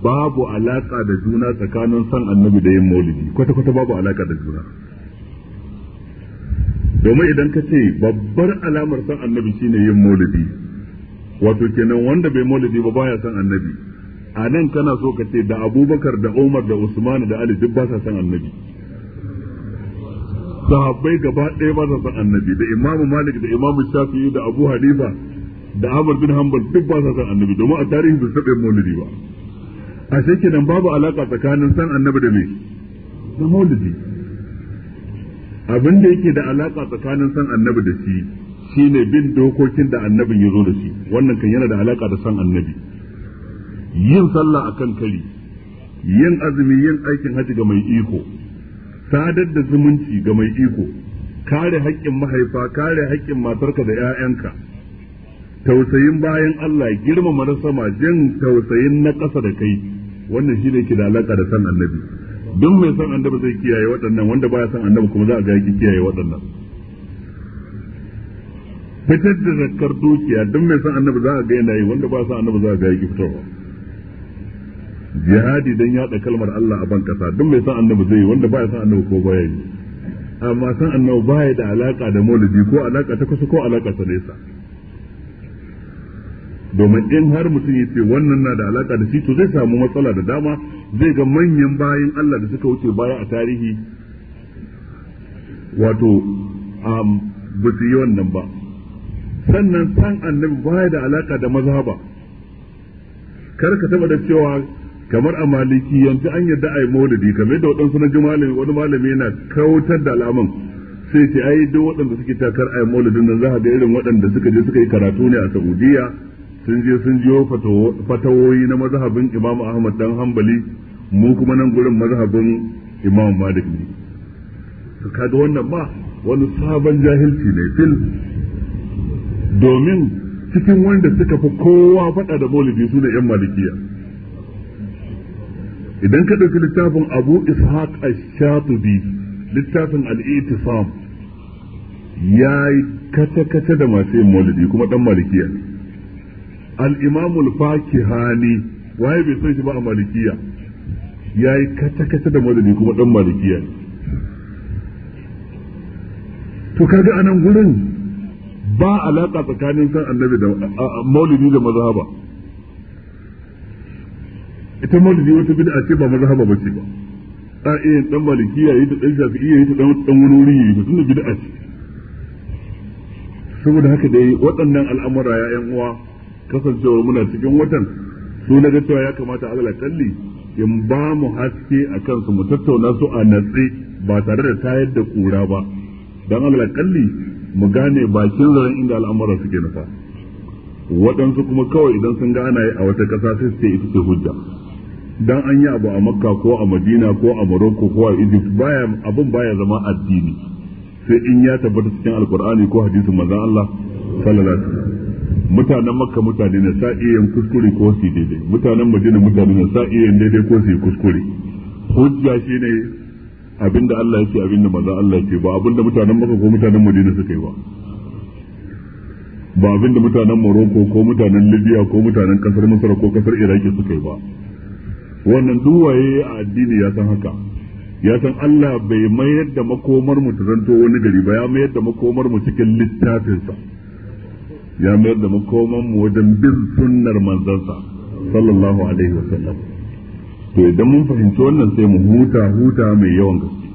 babu alaka da juna tsakanin son annabi da yin maulidi kwata-kwata babu alaka da juna domin idan ka ce babbar alamar san annabi shine yin maulidi wato kenan wanda bai maulidi ba baya san annabi a nan kana so ka ce da abubakar da umar da usman da ali duk ba sa san annabi sahabbai gaba ɗaya ba sa san annabi da imamu malik da imamu shafi'i da abu hanifa da ahmad bin hanbal duk ba sa san annabi domin a tarihi bai taɓa maulidi ba a shekinan babu alaka tsakanin san annabi da me da maulidi abin da yake da alaka tsakanin san annabi da shi shine bin dokokin da annabin ya zo da shi wannan kan yana da alaka da san annabi yin sallah a kan kari yin azumi yin aikin haji ga mai iko sadar da zumunci ga mai iko kare haƙƙin mahaifa kare haƙƙin matarka da 'ya'yanka tausayin bayan Allah girmama na sama jin tausayin na ƙasa da kai wannan shi ne ke da alaƙa da san annabi duk mai son annabi zai kiyaye waɗannan wanda baya son annabi kuma za a ga yake kiyaye waɗannan fitar da zakar dukiya duk mai son annabi za a ga yana yi wanda ba son annabi za a ga yake fitarwa jihadi dan yaɗa kalmar Allah a ban kasa duk mai son annabi zai yi wanda ba son annabi ko baya yi amma san annabi baya da alaka da maulidi ko alaka ta kusa ko alaka ta nesa domin in har mutum ya ce wannan na da alaka da shi to zai samu matsala da dama zai ga manyan bayan Allah da suka wuce baya a tarihi wato ba su yi wannan ba sannan san annabi baya da alaka da maza ba. kar ka taba da cewa kamar a maliki yanzu an yarda a yi maulidi kamar da waɗansu na malami wani malami yana kautar da alamun sai ce ai duk waɗanda suke takar a yi maulidin nan za a ga irin waɗanda suka je suka yi karatu ne a saudiya sun je sun jiyo fatawoyi na mazhabin Imam Ahmad dan hambali, mu kuma nan gurin mazhabin Imam Malik ne kaga wannan ba wani sabon jahilci ne fil domin cikin wanda suka fi kowa faɗa da maulidi su ne 'yan malikiya idan ka ɗauki littafin abu ishaq ash-shatibi littafin al-itisam ya yi kata kata da masu yin maulidi kuma ɗan malikiya ne al-imam fakihani waye bai san shi ba a malikiya yayi kata kata da madadi kuma dan malikiya to kaga anan gurin ba alaka tsakanin san annabi da maulidi da mazhaba ita maulidi wata bid'a ce ba mazhaba ba ba a iya eh, dan malikiya yi da dan shafi'iyya yi da dan dan wani wuri yi tunda bid'a ce saboda haka dai waɗannan al'amura ya yan uwa kasancewar muna cikin watan su na ga cewa ya kamata Allah kalli in ba mu haske a kansu mu tattauna su a natsi ba tare da tayar da kura ba don Allah kalli mu gane bakin zaren inda al'amura suke nufa waɗansu kuma kawai idan sun ga a wata ƙasa sai su ita ce hujja dan an yi abu a makka ko a madina ko a morocco ko a egypt baya abin baya zama addini sai in ya tabbata cikin alkur'ani ko hadisin manzon Allah sallallahu alaihi wasallam mutanen makka mutane na sa iya yin kuskure ko su daidai mutanen madina mutane na sa iya yin daidai ko su kuskure hujja ne abinda Allah ce abinda maza Allah ce ba abinda mutanen makka ko mutanen madina suka yi ba ba abinda mutanen Morocco ko mutanen Libya ko mutanen kasar Masar ko kasar Iraki suka yi ba wannan duwaye a addini ya san haka ya san Allah bai mayar da makomar mu ta zanto wani gari ba ya mayar da makomar mu cikin littafinsa ya mayar da makoman mu wajen bin sunnar manzansa sallallahu alaihi wa sallam. to idan mun fahimci wannan sai mu huta huta mai yawan gaske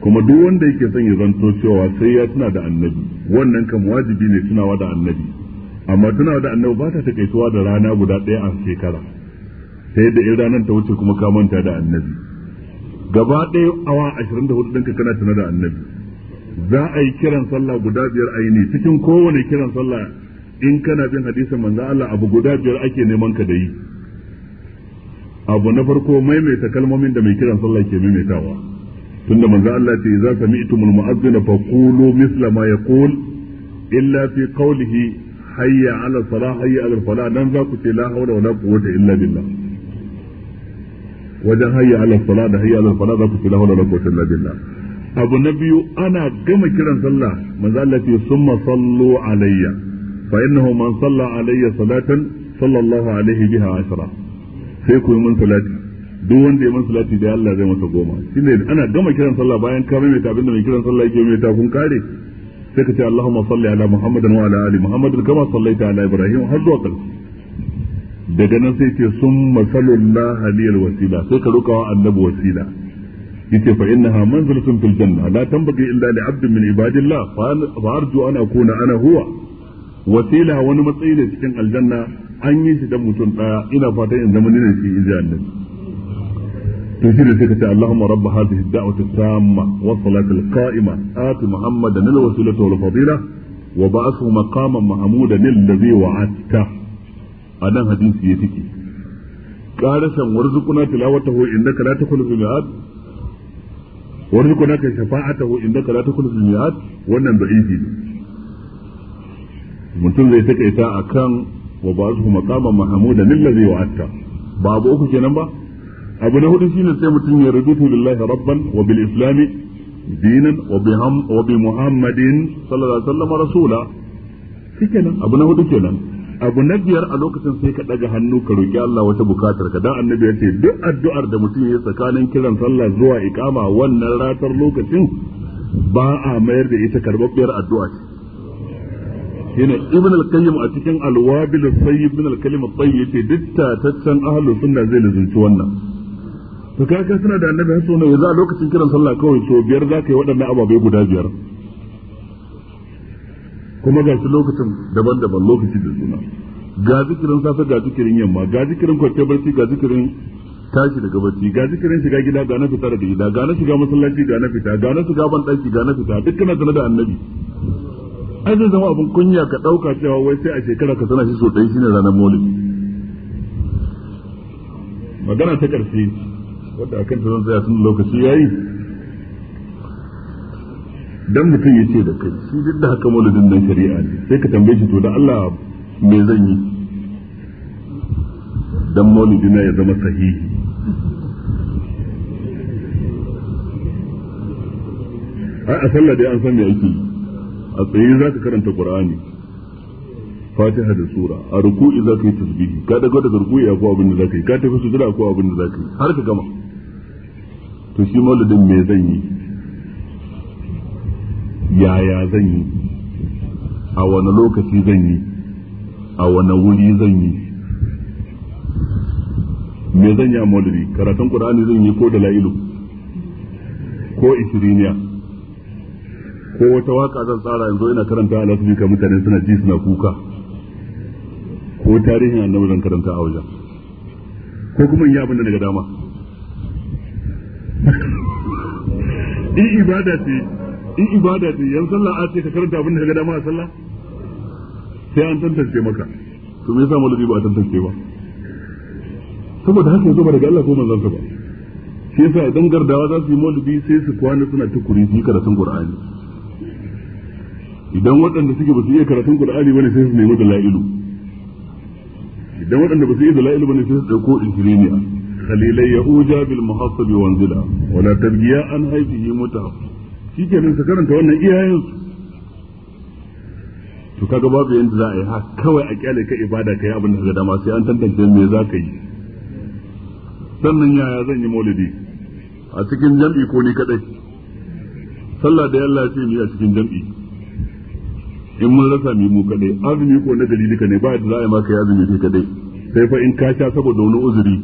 kuma duk wanda yake son ya zanto cewa sai ya tuna da annabi wannan kam wajibi ne tunawa da annabi amma tunawa da annabi ba ta takaituwa da rana guda ɗaya a shekara sai da in ranar ta wuce kuma ka manta da annabi gaba ɗaya awa ashirin da hudu ɗinka kana tuna da annabi za a yi kiran sallah guda biyar aini cikin kowane kiran sallah in kana bin hadisin manzo Allah abu guda biyar ake neman ka da yi abu na farko maimaita kalmomin da mai kiran sallah ke maimaitawa tunda manzo Allah ce za idza sami'tumul mu'adhdhin fa qulu misla ma yaqul illa fi qawlihi hayya 'ala salah hayya 'ala falah dan za ku ce la hawla wala quwwata illa billah wajen hayya 'ala salah da hayya 'ala falah za ku ce la hawla wala quwwata illa billah abu na biyu ana gama kiran sallah manzo Allah ce summa sallu alayya fa innahu man salla alayya salatan sallallahu alaihi biha ashra sai ku mun salati duk wanda ya mun salati da Allah zai masa goma shine ana gama kiran sallah bayan ka mai ta abinda mai kiran sallah yake mai ta kun kare sai ka ce Allahumma salli ala Muhammadin wa ala ali Muhammadin kama sallaita ala Ibrahim har zuwa ƙarshe daga nan sai ce sun masalullah haliyar wasila sai ka rokawa annabi wasila yace fa innaha manzilatun fil janna la tanbaghi illa li 'abdin min ibadillah fa arju an akuna ana huwa wasila wani matsayi ne cikin aljanna an yi shi dan mutum daya ina fatan in zama ne shi inji annabi to shi da suka ce Allahumma rabb hadhihi ad-da'wati at-tamma wa salati al-qa'ima ati muhammadan al-wasilata wal fadila wa ba'athu maqaman mahmudan alladhi wa'adta anan hadisi ya tike qarasan warzuquna tilawatahu innaka la takhlufu al-mi'ad wa rizquna ka shafa'atahu innaka la tukhlifu al-mi'ad wannan da'ifi ne mutum zai ta takaita akan wa ba su ba'dhu maqama mahmudan allazi wa'atta babu uku kenan ba abu na hudu shine sai mutum ya rubutu billahi rabban wa bil islami dinan wa bi muhammadin sallallahu alaihi wasallam rasula kenan abu na hudu kenan abu na biyar a lokacin sai ka ɗaga hannu ka roki Allah wata bukatar ka dan annabi ya ce duk addu'ar da mutum ya tsakanin kiran sallah zuwa ikama wannan ratar lokacin ba a mayar da ita karbabbiyar addu'a ce yana ibn al-qayyim a cikin al-wabil sayyid ibn al-kalim at-tayyib yace duk tataccen ahlus sunna zai lazunci wannan to kaga suna da annabi hasu ne yanzu a lokacin kiran sallah kawai to biyar zaka yi waɗannan ababai guda biyar kuma ga su lokacin daban-daban lokaci da suna ga zikirin safe ga zikirin yamma ga zikirin kwanciyar barci ga zikirin tashi daga barci ga zikirin shiga gida ga na fita daga gida ga na shiga masallaci ga na fita ga na shiga ban ɗaki ga na fita dukkan sanar da annabi ai zai zama abin kunya ka ɗauka cewa wai sai a shekara ka sana shi so ɗaya shine ranar molin magana ta ƙarshe wadda akan ta zan tsaya tun lokaci yayi dan mutum ya ce da kai shi duk da haka maulidin nan shari'a ne sai ka tambaye shi to da Allah me zan yi dan maulidina ya zama sahihi ai a sallah dai an san me ake a tsaye za ka karanta qur'ani fatiha da sura a ruku'i za ka yi tasbihi ka dago daga ruku'i ko abin da za ka yi ka tafi sujuda ko abin da za ka yi har ka gama to shi maulidin me zan yi yaya zan yi a wani lokaci zan yi a wani wuri zan yi me zan yi a maulidi karatun qur'ani zan yi ko da la'ilu ko Isiriniya ko wata waka zan tsara yanzu ina karanta lasu ka mutane suna ji suna kuka ko tarihin annabi zan karanta a wajen ko kuma in yi abin da daga dama in ibada ce in ibada ce yan sallah a ce ka karanta abin da ga dama a sallah sai an tantance maka to me yasa maulidi ba a tantance ba saboda haka yazo ba daga Allah ko manzon sa ba shi yasa idan gardawa za su yi maulidi sai su kwana suna tukuri su karatun Qur'ani idan waɗanda suke ba su iya karatun Qur'ani bane sai su nemi la'ilu idan waɗanda ba su iya dalailu bane sai su dauko injiniya خليلي يؤجى بالمحصب وانزلا ولا تبقيا عن هيئه متعب shi ke nan su karanta wannan iyayensu to kaga babu yanda za a yi ha kawai a kyale ka ibada ka yi abin da ka dama sai an tantance me za ka yi sannan yaya zan yi maulidi a cikin jam'i ko ni kadai sallah da yalla ce mu a cikin jam'i in mun rasa mu mu kadai azumi ko na dalili ka ne ba da za a yi maka ya azumi kai kadai sai fa in ka sha saboda wani uzuri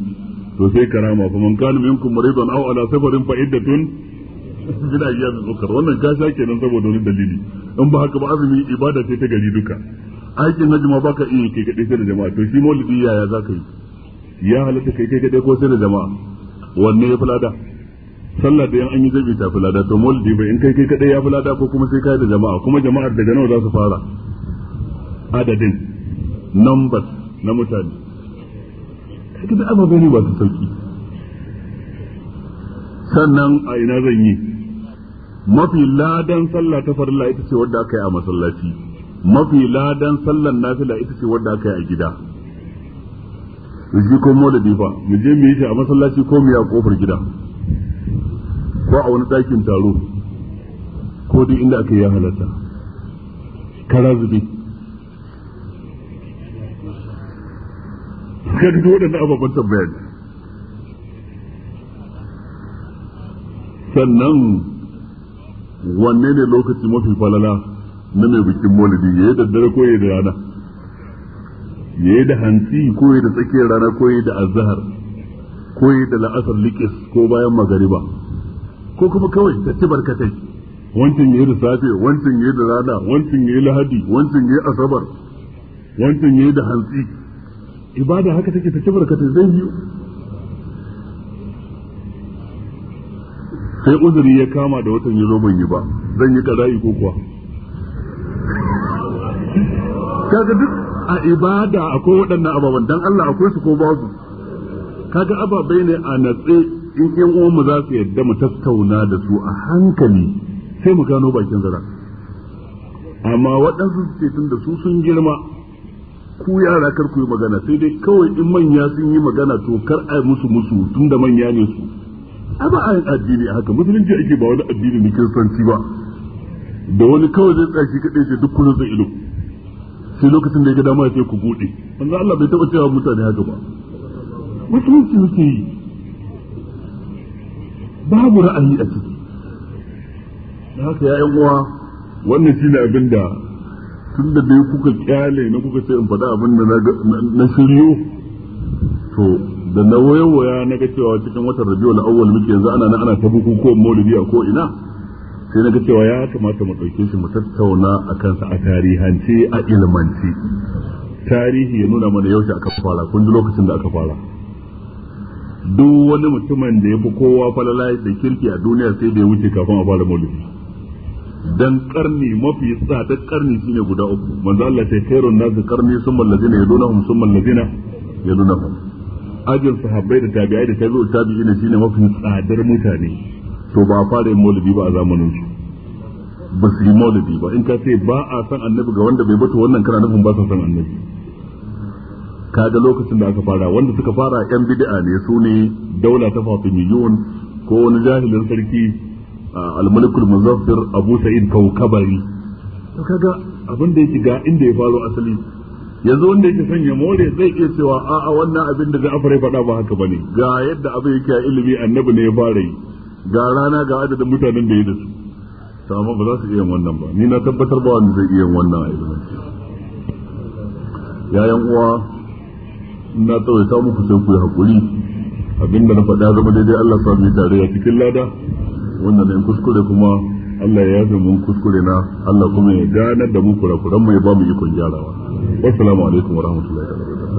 to sai karama fa man kana minkum maridan aw ala safarin fa iddatun iya min zukar wannan ka sha kenan saboda wani dalili in ba haka ba azumi ibada ce ta gari duka aikin na jama'a baka iya kai kadai sai da jama'a to shi maulidi yaya ka yi ya halatta kai kai kadai ko sai da jama'a wanne ya fulada sallah da yan an yi zabi ta fulada to maulidi bai in kai kai kadai ya fulada ko kuma sai kai da jama'a kuma jama'ar daga nawa za su fara adadin numbers na mutane kaga da ababai ne ba su sauki sannan a ina zan yi mafi ladan sallah ta farilla ita ce wadda aka yi a masallaci mafi ladan sallan nafila ita ce wadda aka yi a gida shi ko maulidi fa mu je mu yi ta a masallaci ko mu yi kofar gida ko a wani ɗakin taro ko duk inda aka yi ya halatta kara zube kaga duk waɗannan ababen sannan wanne ne lokaci mafi falala na mai bikin maulidi yayi da dare ko ya da rana yayi da hanti ko ya da tsakiyar rana ko ya da azahar ko ya da la'asar likis ko bayan magariba ko kuma kawai ta ci barkatai wancan yayi da safe wancan yayi da rana wancan yayi lahadi wancan yayi asabar wancan yayi da hanti ibada haka take ta ci barkatai zai yi sai uzuri ya kama da watan yazo ban yi ba zan yi kaza'i ko kuwa kaga duk a ibada akwai waɗannan ababen dan Allah akwai su ko babu kaga ababai ne a natse in yan uwanmu za su yadda mu tattauna da su a hankali sai mu gano bakin zara amma waɗansu su ce tun da su sun girma ku yara kar ku yi magana sai dai kawai in manya sun yi magana to kar a musu musu tun da manya ne su ba a yin addini haka musulunci ake ba wani addini na kiristanci ba da wani kawai zai tsaki kaɗai ce duk kusa zai ilo sai lokacin da ya ga dama ya ce ku buɗe wanda Allah bai taɓa cewa mutane haka ba musulunci suke yi babu ra'ayi a ciki da haka ya uwa wannan shine abin da tun da dai kuka kyale na kuka ce in faɗa abin da na shiryo to da na ya na ga cewa cikin watan na awwal muke yanzu ana nan ana ta bukukuwan maulidi a ko ina sai na ga cewa ya kamata mu ɗauke shi mu tattauna a kansa a tarihanci a ilmanci. tarihi ya nuna mana yaushe aka fara kun ji lokacin da aka fara duk wani mutumin da ya fi kowa falala da kirki a duniya sai da ya wuce kafin a fara maulidi dan karni mafi da karni shine guda uku manzo Allah sai khairun nasu karni sun mallazina yadunahum sun mallazina yadunahum ajin sahabbai da tabi'ai da ta tabi'u shi shine mafi tsadar mutane to ba fara yin maulidi ba a zamanin su ba su yi maulidi ba in ka ce ba a san annabi ga wanda bai bata wannan kana nufin ba sa san annabi kaga lokacin da aka fara wanda suka fara yan bid'a ne su ne daula ta fatimiyun ko wani jahilin sarki al-malikul muzaffir abu sa'id kaukabari to kaga abin da yake ga inda ya faro asali yanzu wanda yake son ya more zai iya cewa a'a wannan abin da Ja'far ya faɗa ba haka bane ga yadda abin yake a ilimi annabi ne ya fara yi ga rana ga adadin mutanen da ya da su to amma ba za su iya wannan ba ni na tabbatar ba wanda zai iya wannan a ilimin yayan uwa na tsawaita muku sai ku yi hakuri abinda na faɗa zama daidai Allah sa mu tare a cikin lada wannan ne kuskure kuma Allah ya yafe mun kuskure na Allah kuma ya ganar da mu kurakuran mu ya ba mu ikon gyarawa wassalamu wa rahmatullahi wa